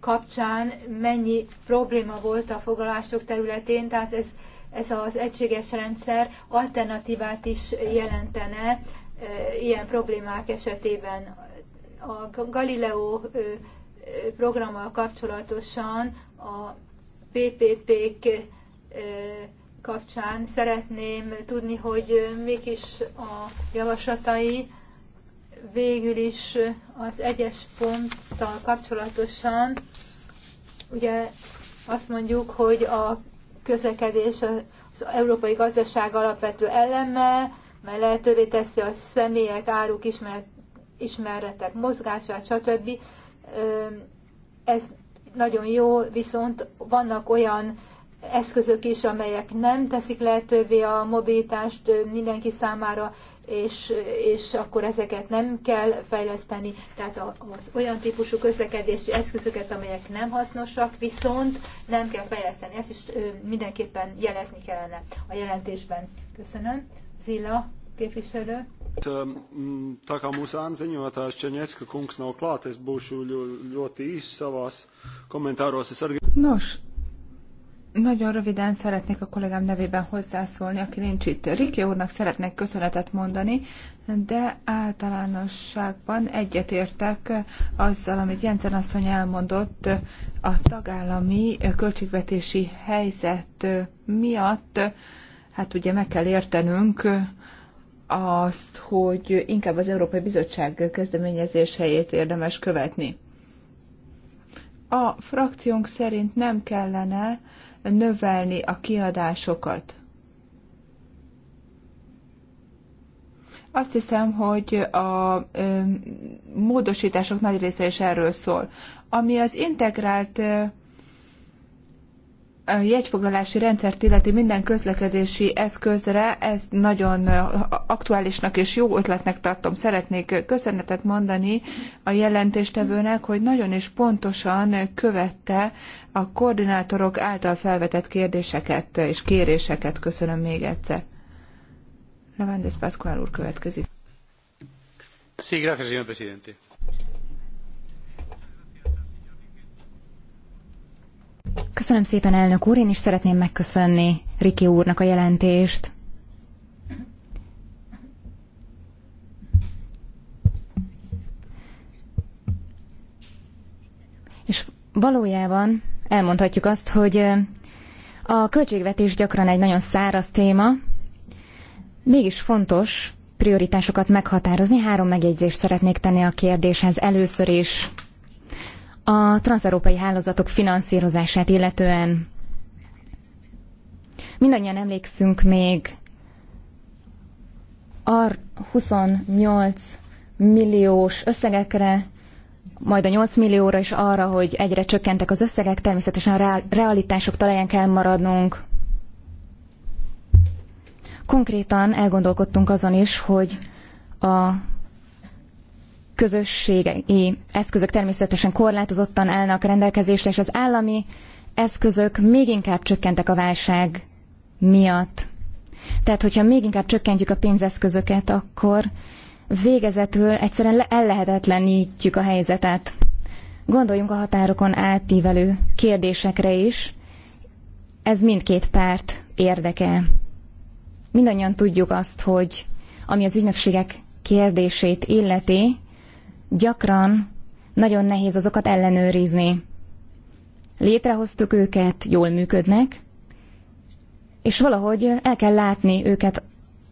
kapcsán mennyi probléma volt a foglalások területén, tehát ez, ez az egységes rendszer alternatívát is jelentene ilyen problémák esetében a Galileo programmal kapcsolatosan a PPP-k kapcsán szeretném tudni, hogy mik is a javaslatai végül is az egyes ponttal kapcsolatosan. Ugye azt mondjuk, hogy a közlekedés az európai gazdaság alapvető eleme, mert lehetővé teszi a személyek, áruk ismeret ismeretek, mozgását, stb. Ez nagyon jó, viszont vannak olyan eszközök is, amelyek nem teszik lehetővé a mobilitást mindenki számára, és, és akkor ezeket nem kell fejleszteni. Tehát az olyan típusú közlekedési eszközöket, amelyek nem hasznosak, viszont nem kell fejleszteni. Ezt is mindenképpen jelezni kellene a jelentésben. Köszönöm. Zilla képviselő. Tā kā mūsu ēnu ziņotājs Čeņecka kungs nav klāt, es būšu ļoti īsi savās Es arī... nagyon röviden szeretnék a kollégám nevében hozzászólni, aki nincs itt. Riki úrnak szeretnék köszönetet mondani, de általánosságban egyetértek azzal, amit Jensen asszony elmondott a tagállami költségvetési helyzet miatt. Hát ugye meg kell értenünk, azt, hogy inkább az Európai Bizottság kezdeményezéseit érdemes követni. A frakciónk szerint nem kellene növelni a kiadásokat. Azt hiszem, hogy a ö, módosítások nagy része is erről szól. Ami az integrált jegyfoglalási rendszert illeti minden közlekedési eszközre, ezt nagyon aktuálisnak és jó ötletnek tartom. Szeretnék köszönetet mondani a jelentéstevőnek, hogy nagyon is pontosan követte a koordinátorok által felvetett kérdéseket és kéréseket. Köszönöm még egyszer. Levendez Pászkoál úr következik. Sí, gracias, señor presidente. Köszönöm szépen, elnök úr. Én is szeretném megköszönni Riki úrnak a jelentést. És valójában elmondhatjuk azt, hogy a költségvetés gyakran egy nagyon száraz téma, mégis fontos prioritásokat meghatározni. Három megjegyzést szeretnék tenni a kérdéshez. Először is a transzeurópai hálózatok finanszírozását illetően. Mindannyian emlékszünk még a 28 milliós összegekre, majd a 8 millióra is arra, hogy egyre csökkentek az összegek, természetesen a realitások talaján kell maradnunk. Konkrétan elgondolkodtunk azon is, hogy a közösségi eszközök természetesen korlátozottan állnak rendelkezésre, és az állami eszközök még inkább csökkentek a válság miatt. Tehát, hogyha még inkább csökkentjük a pénzeszközöket, akkor végezetül egyszerűen ellehetetlenítjük a helyzetet. Gondoljunk a határokon átívelő kérdésekre is. Ez mindkét párt érdeke. Mindannyian tudjuk azt, hogy ami az ügynökségek kérdését illeti, gyakran nagyon nehéz azokat ellenőrizni. Létrehoztuk őket, jól működnek, és valahogy el kell látni őket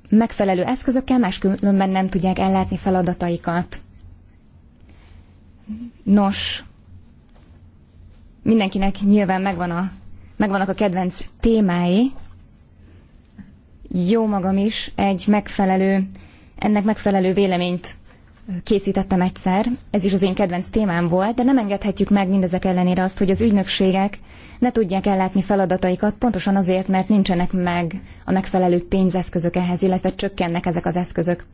megfelelő eszközökkel, máskülönben nem tudják ellátni feladataikat. Nos, mindenkinek nyilván megvan a, megvannak a kedvenc témái. Jó magam is egy megfelelő, ennek megfelelő véleményt készítettem egyszer, ez is az én kedvenc témám volt, de nem engedhetjük meg mindezek ellenére azt, hogy az ügynökségek ne tudják ellátni feladataikat, pontosan azért, mert nincsenek meg a megfelelő pénzeszközök ehhez, illetve csökkennek ezek az eszközök.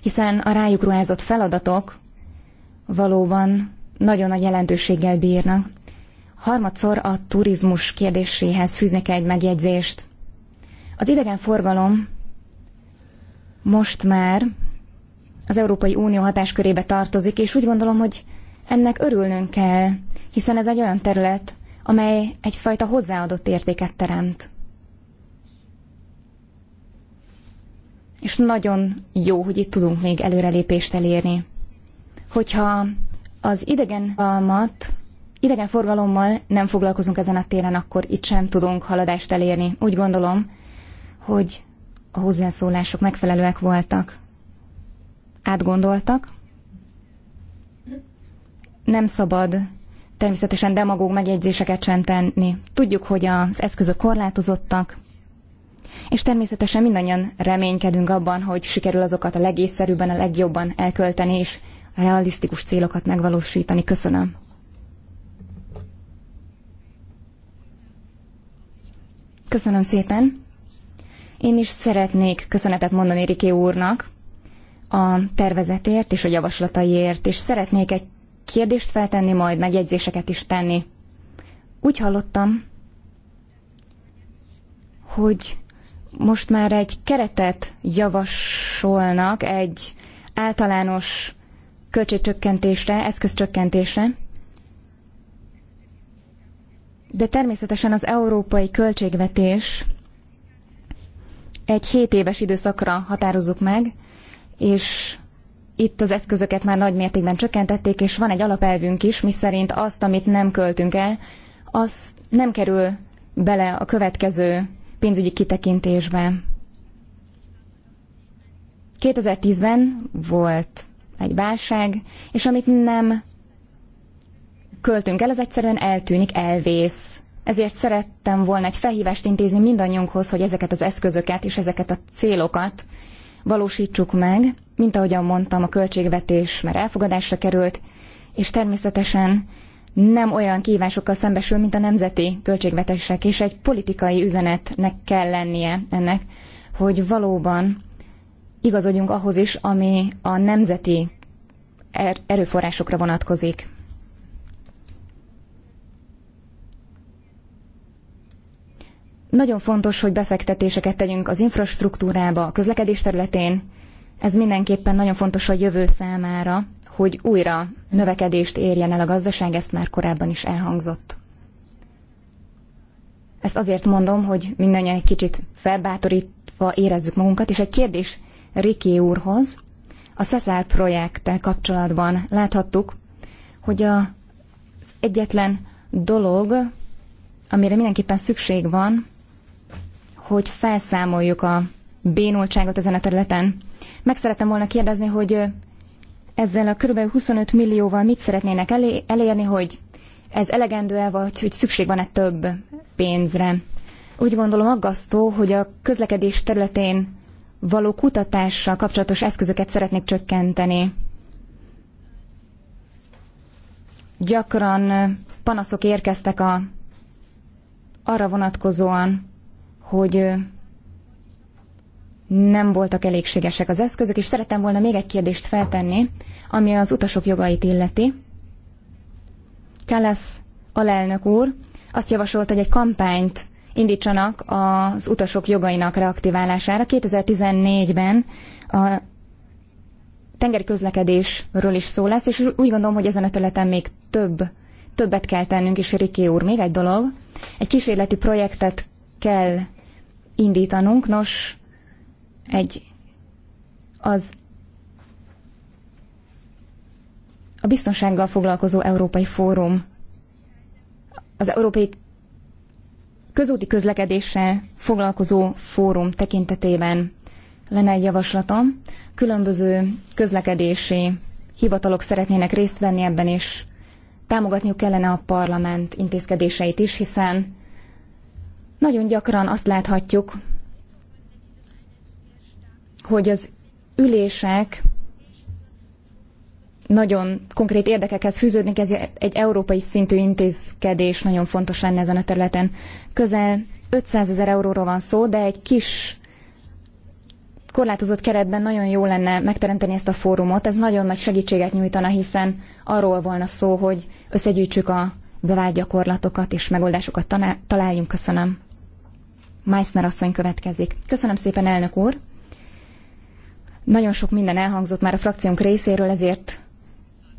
Hiszen a rájuk ruházott feladatok valóban nagyon nagy jelentőséggel bírnak. Harmadszor a turizmus kérdéséhez fűznék egy megjegyzést. Az idegenforgalom most már az Európai Unió hatáskörébe tartozik, és úgy gondolom, hogy ennek örülnünk kell, hiszen ez egy olyan terület, amely egyfajta hozzáadott értéket teremt. És nagyon jó, hogy itt tudunk még előrelépést elérni. Hogyha az idegen almat, idegen forgalommal nem foglalkozunk ezen a téren, akkor itt sem tudunk haladást elérni. Úgy gondolom, hogy a hozzászólások megfelelőek voltak átgondoltak. Nem szabad természetesen demagóg megjegyzéseket sem tenni. Tudjuk, hogy az eszközök korlátozottak, és természetesen mindannyian reménykedünk abban, hogy sikerül azokat a legészszerűbben, a legjobban elkölteni, és a realisztikus célokat megvalósítani. Köszönöm. Köszönöm szépen. Én is szeretnék köszönetet mondani Riké úrnak a tervezetért és a javaslataiért, és szeretnék egy kérdést feltenni, majd megjegyzéseket is tenni. Úgy hallottam, hogy most már egy keretet javasolnak egy általános költségcsökkentésre, eszközcsökkentésre, de természetesen az európai költségvetés egy 7 éves időszakra határozzuk meg, és itt az eszközöket már nagy mértékben csökkentették, és van egy alapelvünk is, miszerint azt, amit nem költünk el, az nem kerül bele a következő pénzügyi kitekintésbe. 2010-ben volt egy válság, és amit nem költünk el, az egyszerűen eltűnik, elvész. Ezért szerettem volna egy felhívást intézni mindannyiunkhoz, hogy ezeket az eszközöket és ezeket a célokat valósítsuk meg, mint ahogyan mondtam, a költségvetés már elfogadásra került, és természetesen nem olyan kívásokkal szembesül, mint a nemzeti költségvetések, és egy politikai üzenetnek kell lennie ennek, hogy valóban igazodjunk ahhoz is, ami a nemzeti er- erőforrásokra vonatkozik. Nagyon fontos, hogy befektetéseket tegyünk az infrastruktúrába, a közlekedés területén. Ez mindenképpen nagyon fontos a jövő számára, hogy újra növekedést érjen el a gazdaság, ezt már korábban is elhangzott. Ezt azért mondom, hogy mindannyian egy kicsit felbátorítva érezzük magunkat, és egy kérdés Riki úrhoz. A Szeszár projekttel kapcsolatban láthattuk, hogy az egyetlen dolog, amire mindenképpen szükség van, hogy felszámoljuk a bénultságot ezen a területen. Meg szerettem volna kérdezni, hogy ezzel a kb. 25 millióval mit szeretnének elérni, hogy ez elegendő-e, vagy hogy szükség van-e több pénzre. Úgy gondolom aggasztó, hogy a közlekedés területén való kutatással kapcsolatos eszközöket szeretnék csökkenteni. Gyakran panaszok érkeztek a, arra vonatkozóan, hogy nem voltak elégségesek az eszközök, és szerettem volna még egy kérdést feltenni, ami az utasok jogait illeti. Kálasz alelnök úr azt javasolt, hogy egy kampányt indítsanak az utasok jogainak reaktiválására. 2014-ben a tengeri közlekedésről is szó lesz, és úgy gondolom, hogy ezen a területen még több, többet kell tennünk, és Riki úr, még egy dolog, egy kísérleti projektet kell indítanunk. Nos, egy az a biztonsággal foglalkozó Európai Fórum, az Európai Közúti Közlekedéssel foglalkozó fórum tekintetében lenne egy javaslatom. Különböző közlekedési hivatalok szeretnének részt venni ebben, és támogatniuk kellene a parlament intézkedéseit is, hiszen nagyon gyakran azt láthatjuk, hogy az ülések nagyon konkrét érdekekhez fűződnek, ez egy európai szintű intézkedés nagyon fontos lenne ezen a területen. Közel 500 ezer euróról van szó, de egy kis korlátozott keretben nagyon jó lenne megteremteni ezt a fórumot. Ez nagyon nagy segítséget nyújtana, hiszen arról volna szó, hogy összegyűjtsük a bevált gyakorlatokat és megoldásokat találjunk. Köszönöm. Meissner asszony következik. Köszönöm szépen, elnök úr! Nagyon sok minden elhangzott már a frakciónk részéről, ezért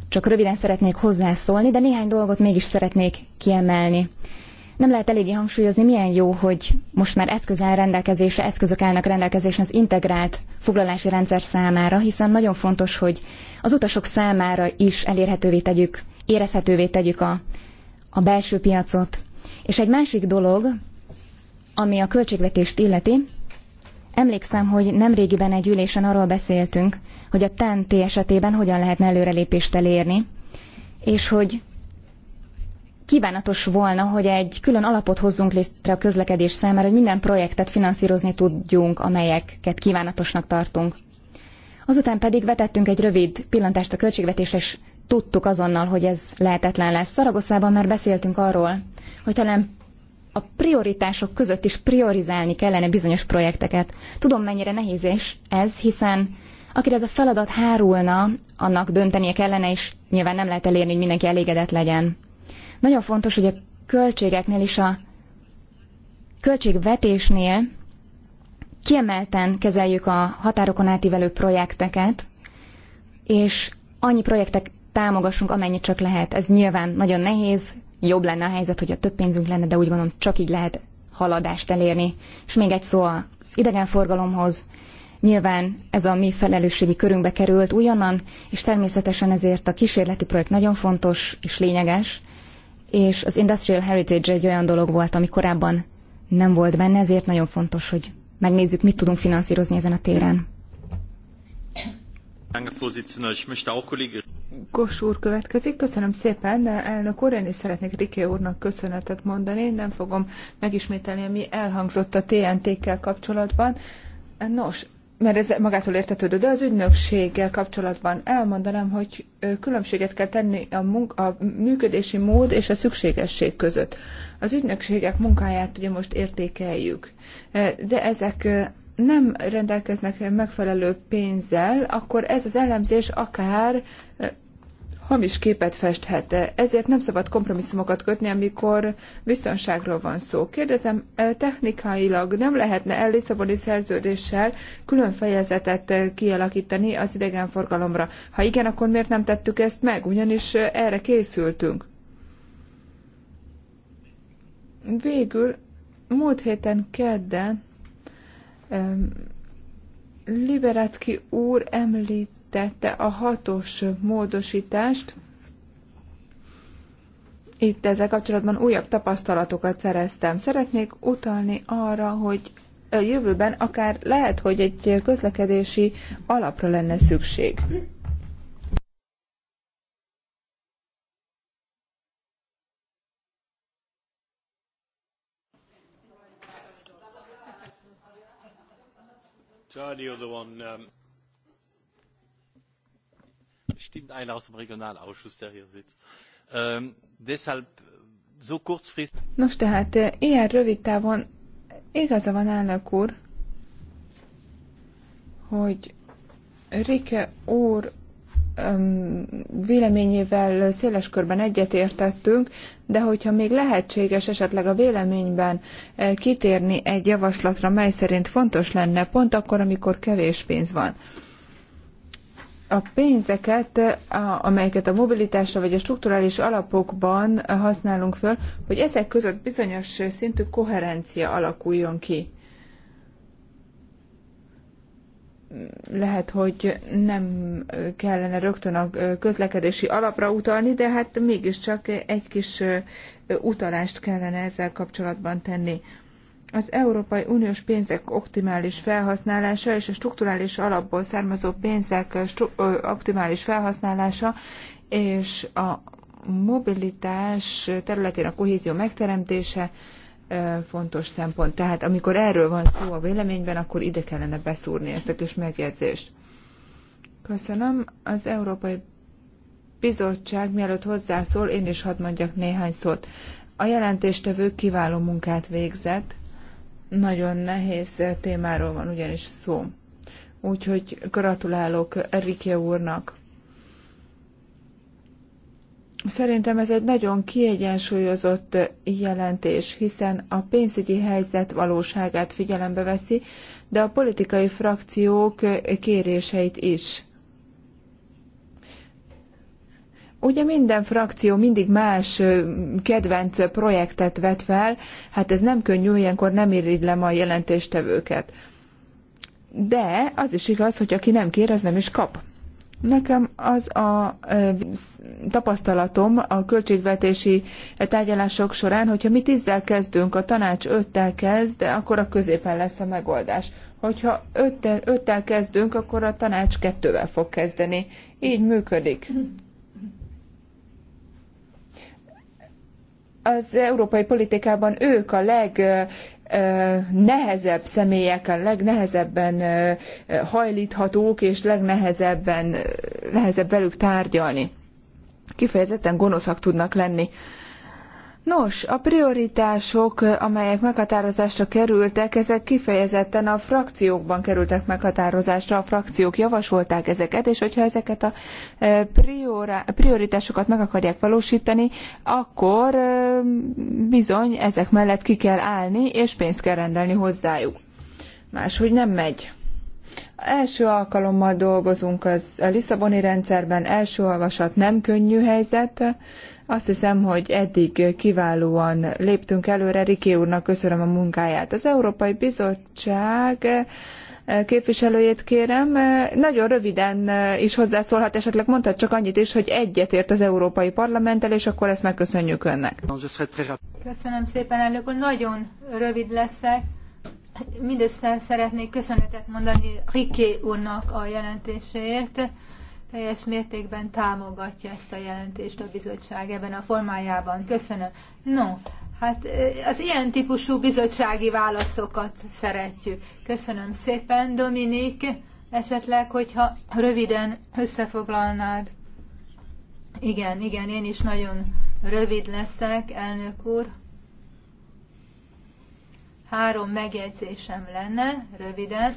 csak röviden szeretnék hozzászólni, de néhány dolgot mégis szeretnék kiemelni. Nem lehet eléggé hangsúlyozni, milyen jó, hogy most már eszköz áll rendelkezésre, eszközök állnak rendelkezésre az integrált foglalási rendszer számára, hiszen nagyon fontos, hogy az utasok számára is elérhetővé tegyük, érezhetővé tegyük a, a belső piacot. És egy másik dolog, ami a költségvetést illeti, emlékszem, hogy nemrégiben egy ülésen arról beszéltünk, hogy a TNT esetében hogyan lehetne előrelépést elérni, és hogy kívánatos volna, hogy egy külön alapot hozzunk létre a közlekedés számára, hogy minden projektet finanszírozni tudjunk, amelyeket kívánatosnak tartunk. Azután pedig vetettünk egy rövid pillantást a költségvetésre, és tudtuk azonnal, hogy ez lehetetlen lesz. Szaragoszában már beszéltünk arról, hogy talán a prioritások között is priorizálni kellene bizonyos projekteket. Tudom, mennyire nehéz és ez, hiszen akire ez a feladat hárulna, annak döntenie kellene, és nyilván nem lehet elérni, hogy mindenki elégedett legyen. Nagyon fontos, hogy a költségeknél is a költségvetésnél kiemelten kezeljük a határokon átívelő projekteket, és annyi projektek támogassunk, amennyit csak lehet. Ez nyilván nagyon nehéz, jobb lenne a helyzet, hogyha több pénzünk lenne, de úgy gondolom csak így lehet haladást elérni. És még egy szó az idegenforgalomhoz. Nyilván ez a mi felelősségi körünkbe került újonnan, és természetesen ezért a kísérleti projekt nagyon fontos és lényeges, és az Industrial Heritage egy olyan dolog volt, ami korábban nem volt benne, ezért nagyon fontos, hogy megnézzük, mit tudunk finanszírozni ezen a téren úr következik. Köszönöm szépen, elnök úr, én is szeretnék Riké úrnak köszönetet mondani. Nem fogom megismételni, ami elhangzott a TNT-kkel kapcsolatban. Nos, mert ez magától értetődő, de az ügynökséggel kapcsolatban elmondanám, hogy különbséget kell tenni a, munk- a működési mód és a szükségesség között. Az ügynökségek munkáját ugye most értékeljük, de ezek nem rendelkeznek megfelelő pénzzel, akkor ez az elemzés akár hamis képet festhet. Ezért nem szabad kompromisszumokat kötni, amikor biztonságról van szó. Kérdezem, eh, technikailag nem lehetne el Lisszaboni szerződéssel külön fejezetet eh, kialakítani az idegenforgalomra? Ha igen, akkor miért nem tettük ezt meg? Ugyanis eh, erre készültünk. Végül, múlt héten kedden Liberacki úr említ említette a hatos módosítást. Itt ezzel kapcsolatban újabb tapasztalatokat szereztem. Szeretnék utalni arra, hogy a jövőben akár lehet, hogy egy közlekedési alapra lenne szükség. Charlie, the other one. Um bestimmt einer aus dem Regionalausschuss, der hier sitzt. Ähm, deshalb äh, so kurzfristig. Nos, tehát eh, ilyen rövid távon igaza van elnök úr, hogy Rike úr véleményével széles körben egyetértettünk, de hogyha még lehetséges esetleg a véleményben eh, kitérni egy javaslatra, mely szerint fontos lenne pont akkor, amikor kevés pénz van a pénzeket, amelyeket a mobilitásra vagy a strukturális alapokban használunk föl, hogy ezek között bizonyos szintű koherencia alakuljon ki. Lehet, hogy nem kellene rögtön a közlekedési alapra utalni, de hát mégiscsak egy kis utalást kellene ezzel kapcsolatban tenni az Európai Uniós pénzek optimális felhasználása és a strukturális alapból származó pénzek optimális felhasználása és a mobilitás területén a kohézió megteremtése fontos szempont. Tehát amikor erről van szó a véleményben, akkor ide kellene beszúrni ezt a kis megjegyzést. Köszönöm. Az Európai Bizottság mielőtt hozzászól, én is hadd mondjak néhány szót. A jelentéstevő kiváló munkát végzett, nagyon nehéz témáról van ugyanis szó. Úgyhogy gratulálok Erikje úrnak. Szerintem ez egy nagyon kiegyensúlyozott jelentés, hiszen a pénzügyi helyzet valóságát figyelembe veszi, de a politikai frakciók kéréseit is. Ugye minden frakció mindig más kedvenc projektet vet fel, hát ez nem könnyű, ilyenkor nem irigylem a jelentéstevőket. De az is igaz, hogy aki nem kér, az nem is kap. Nekem az a tapasztalatom a költségvetési tárgyalások során, hogyha mi tízzel kezdünk, a tanács öttel kezd, de akkor a középen lesz a megoldás. Hogyha öttel, öttel kezdünk, akkor a tanács kettővel fog kezdeni. Így működik. az európai politikában ők a legnehezebb személyek, a legnehezebben hajlíthatók, és legnehezebben nehezebb velük tárgyalni. Kifejezetten gonoszak tudnak lenni. Nos, a prioritások, amelyek meghatározásra kerültek, ezek kifejezetten a frakciókban kerültek meghatározásra, a frakciók javasolták ezeket, és hogyha ezeket a e, prioritásokat meg akarják valósítani, akkor e, bizony ezek mellett ki kell állni, és pénzt kell rendelni hozzájuk. Máshogy nem megy. Első alkalommal dolgozunk az a Lisszaboni rendszerben, első olvasat nem könnyű helyzet. Azt hiszem, hogy eddig kiválóan léptünk előre. Riki úrnak köszönöm a munkáját. Az Európai Bizottság eh, képviselőjét kérem. Eh, nagyon röviden eh, is hozzászólhat, esetleg mondhat csak annyit is, hogy egyetért az Európai Parlamenttel, és akkor ezt megköszönjük önnek. Köszönöm szépen, elnök úr. Nagyon rövid leszek. Hát mindössze szeretnék köszönetet mondani Riké úrnak a jelentéséért. Teljes mértékben támogatja ezt a jelentést a bizottság ebben a formájában. Köszönöm. No, hát az ilyen típusú bizottsági válaszokat szeretjük. Köszönöm szépen, Dominik. Esetleg, hogyha röviden összefoglalnád. Igen, igen, én is nagyon rövid leszek, elnök úr. Három megjegyzésem lenne, röviden,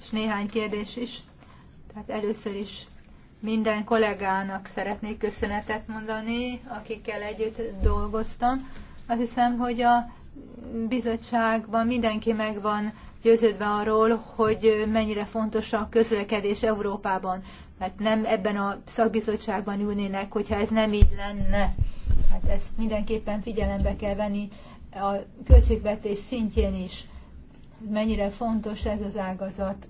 és néhány kérdés is. Tehát először is minden kollégának szeretnék köszönetet mondani, akikkel együtt dolgoztam. Azt hiszem, hogy a bizottságban mindenki megvan győződve arról, hogy mennyire fontos a közlekedés Európában, mert nem ebben a szakbizottságban ülnének, hogyha ez nem így lenne. Hát ezt mindenképpen figyelembe kell venni a költségvetés szintjén is mennyire fontos ez az ágazat.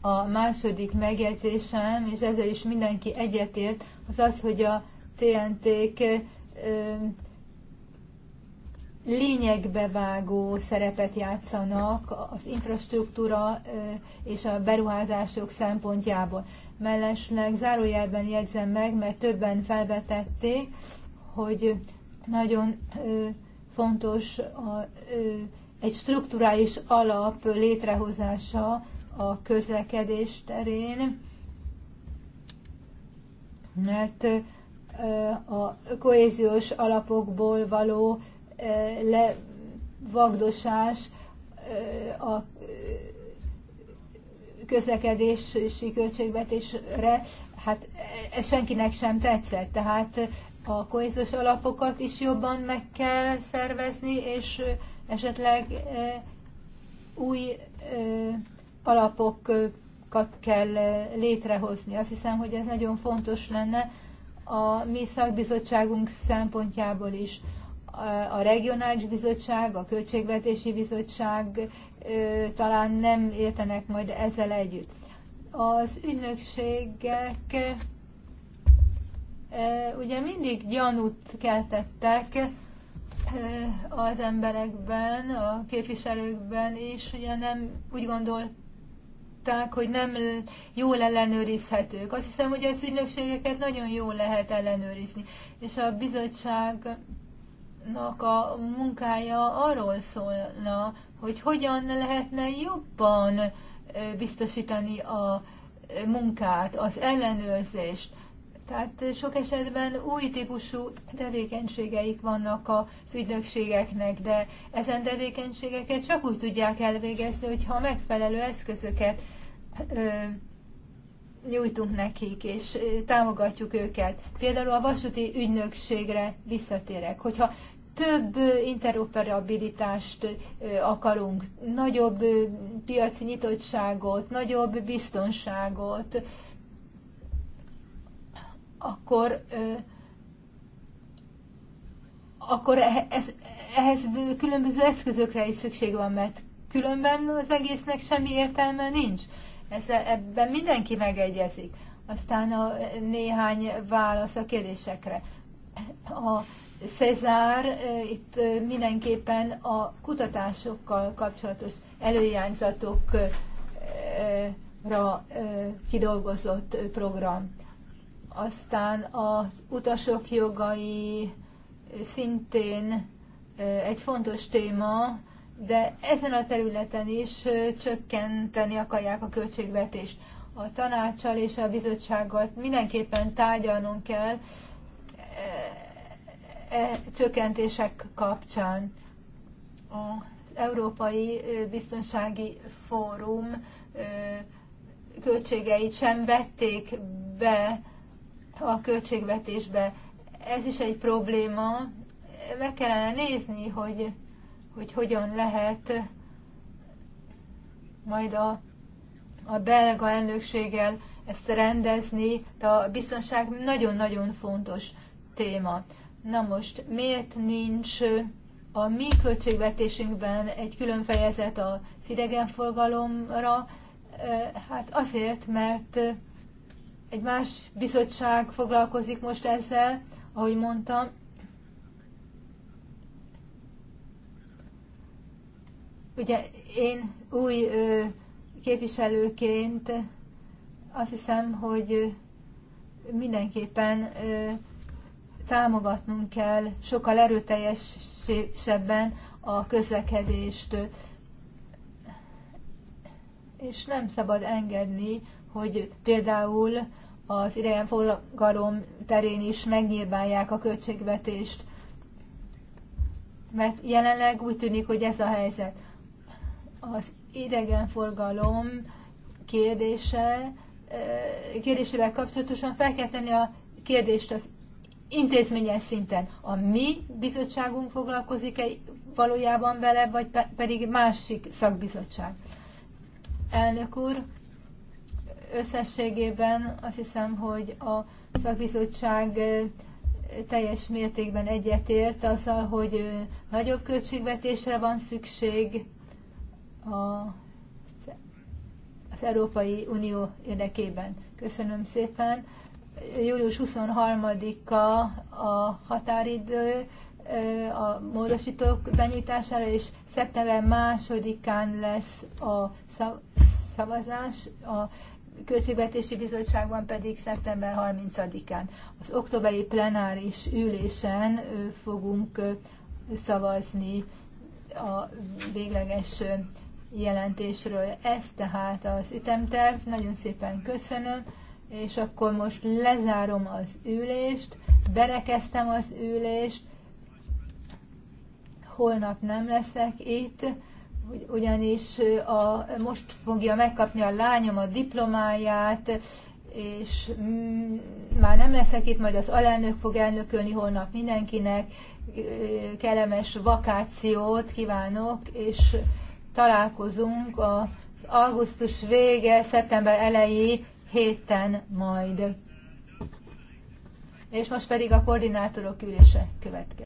A második megjegyzésem, és ezzel is mindenki egyetért, az az, hogy a TNT-k lényegbe vágó szerepet játszanak az infrastruktúra és a beruházások szempontjából. Mellesleg zárójelben jegyzem meg, mert többen felvetették, hogy nagyon fontos a, egy strukturális alap létrehozása a közlekedés terén, mert a kohéziós alapokból való levagdosás a közlekedési költségvetésre, hát ez senkinek sem tetszett. Tehát a kohéziós alapokat is jobban meg kell szervezni, és esetleg új alapokat kell létrehozni. Azt hiszem, hogy ez nagyon fontos lenne a mi szakbizottságunk szempontjából is. A regionális bizottság, a költségvetési bizottság talán nem értenek majd ezzel együtt. Az ügynökségek ugye mindig gyanút keltettek az emberekben, a képviselőkben, és ugye nem úgy gondolt hogy nem jól ellenőrizhetők. Azt hiszem, hogy az ügynökségeket nagyon jól lehet ellenőrizni. És a bizottságnak a munkája arról szólna, hogy hogyan lehetne jobban biztosítani a munkát, az ellenőrzést. Tehát sok esetben új típusú tevékenységeik vannak az ügynökségeknek, de ezen tevékenységeket csak úgy tudják elvégezni, hogyha megfelelő eszközöket ö, nyújtunk nekik, és támogatjuk őket. Például a vasúti ügynökségre visszatérek, hogyha több interoperabilitást akarunk, nagyobb piaci nyitottságot, nagyobb biztonságot, akkor akkor ehhez, ehhez különböző eszközökre is szükség van, mert különben az egésznek semmi értelme nincs. Ez, ebben mindenki megegyezik. Aztán a néhány válasz a kérdésekre. A Cezár itt mindenképpen a kutatásokkal kapcsolatos előjányzatokra kidolgozott program. Aztán az utasok jogai szintén egy fontos téma, de ezen a területen is csökkenteni akarják a költségvetést. A tanácssal és a bizottsággal mindenképpen tárgyalnunk kell e csökkentések kapcsán. Az Európai Biztonsági Fórum költségeit sem vették be a költségvetésbe. Ez is egy probléma. Meg kellene nézni, hogy, hogy hogyan lehet majd a, a belga elnökséggel ezt rendezni, de a biztonság nagyon-nagyon fontos téma. Na most, miért nincs a mi költségvetésünkben egy külön fejezet az idegenforgalomra? Hát azért, mert egy más bizottság foglalkozik most ezzel, ahogy mondtam. Ugye én új képviselőként azt hiszem, hogy mindenképpen támogatnunk kell sokkal erőteljesebben a közlekedést, és nem szabad engedni, hogy például az idegenforgalom terén is megnyírbálják a költségvetést. Mert jelenleg úgy tűnik, hogy ez a helyzet. Az idegenforgalom kérdése, eh, kérdésével kapcsolatosan fel kell tenni a kérdést az intézményes szinten. A mi bizottságunk foglalkozik-e valójában vele, vagy pedig másik szakbizottság? Elnök úr, Összességében azt hiszem, hogy a szakbizottság teljes mértékben egyetért azzal, hogy nagyobb költségvetésre van szükség az Európai Unió érdekében. Köszönöm szépen. Július 23-a a határidő a módosítók benyújtására, és szeptember másodikán lesz a szavazás. A Költségvetési Bizottságban pedig szeptember 30-án az októberi plenáris ülésen fogunk szavazni a végleges jelentésről. Ez tehát az ütemterv. Nagyon szépen köszönöm, és akkor most lezárom az ülést, berekeztem az ülést, holnap nem leszek itt, ugyanis a, most fogja megkapni a lányom a diplomáját, és mm, már nem leszek itt, majd az alelnök fog elnökölni holnap mindenkinek. Kellemes vakációt kívánok, és találkozunk az augusztus vége, szeptember elejé héten majd. És most pedig a koordinátorok ülése következik.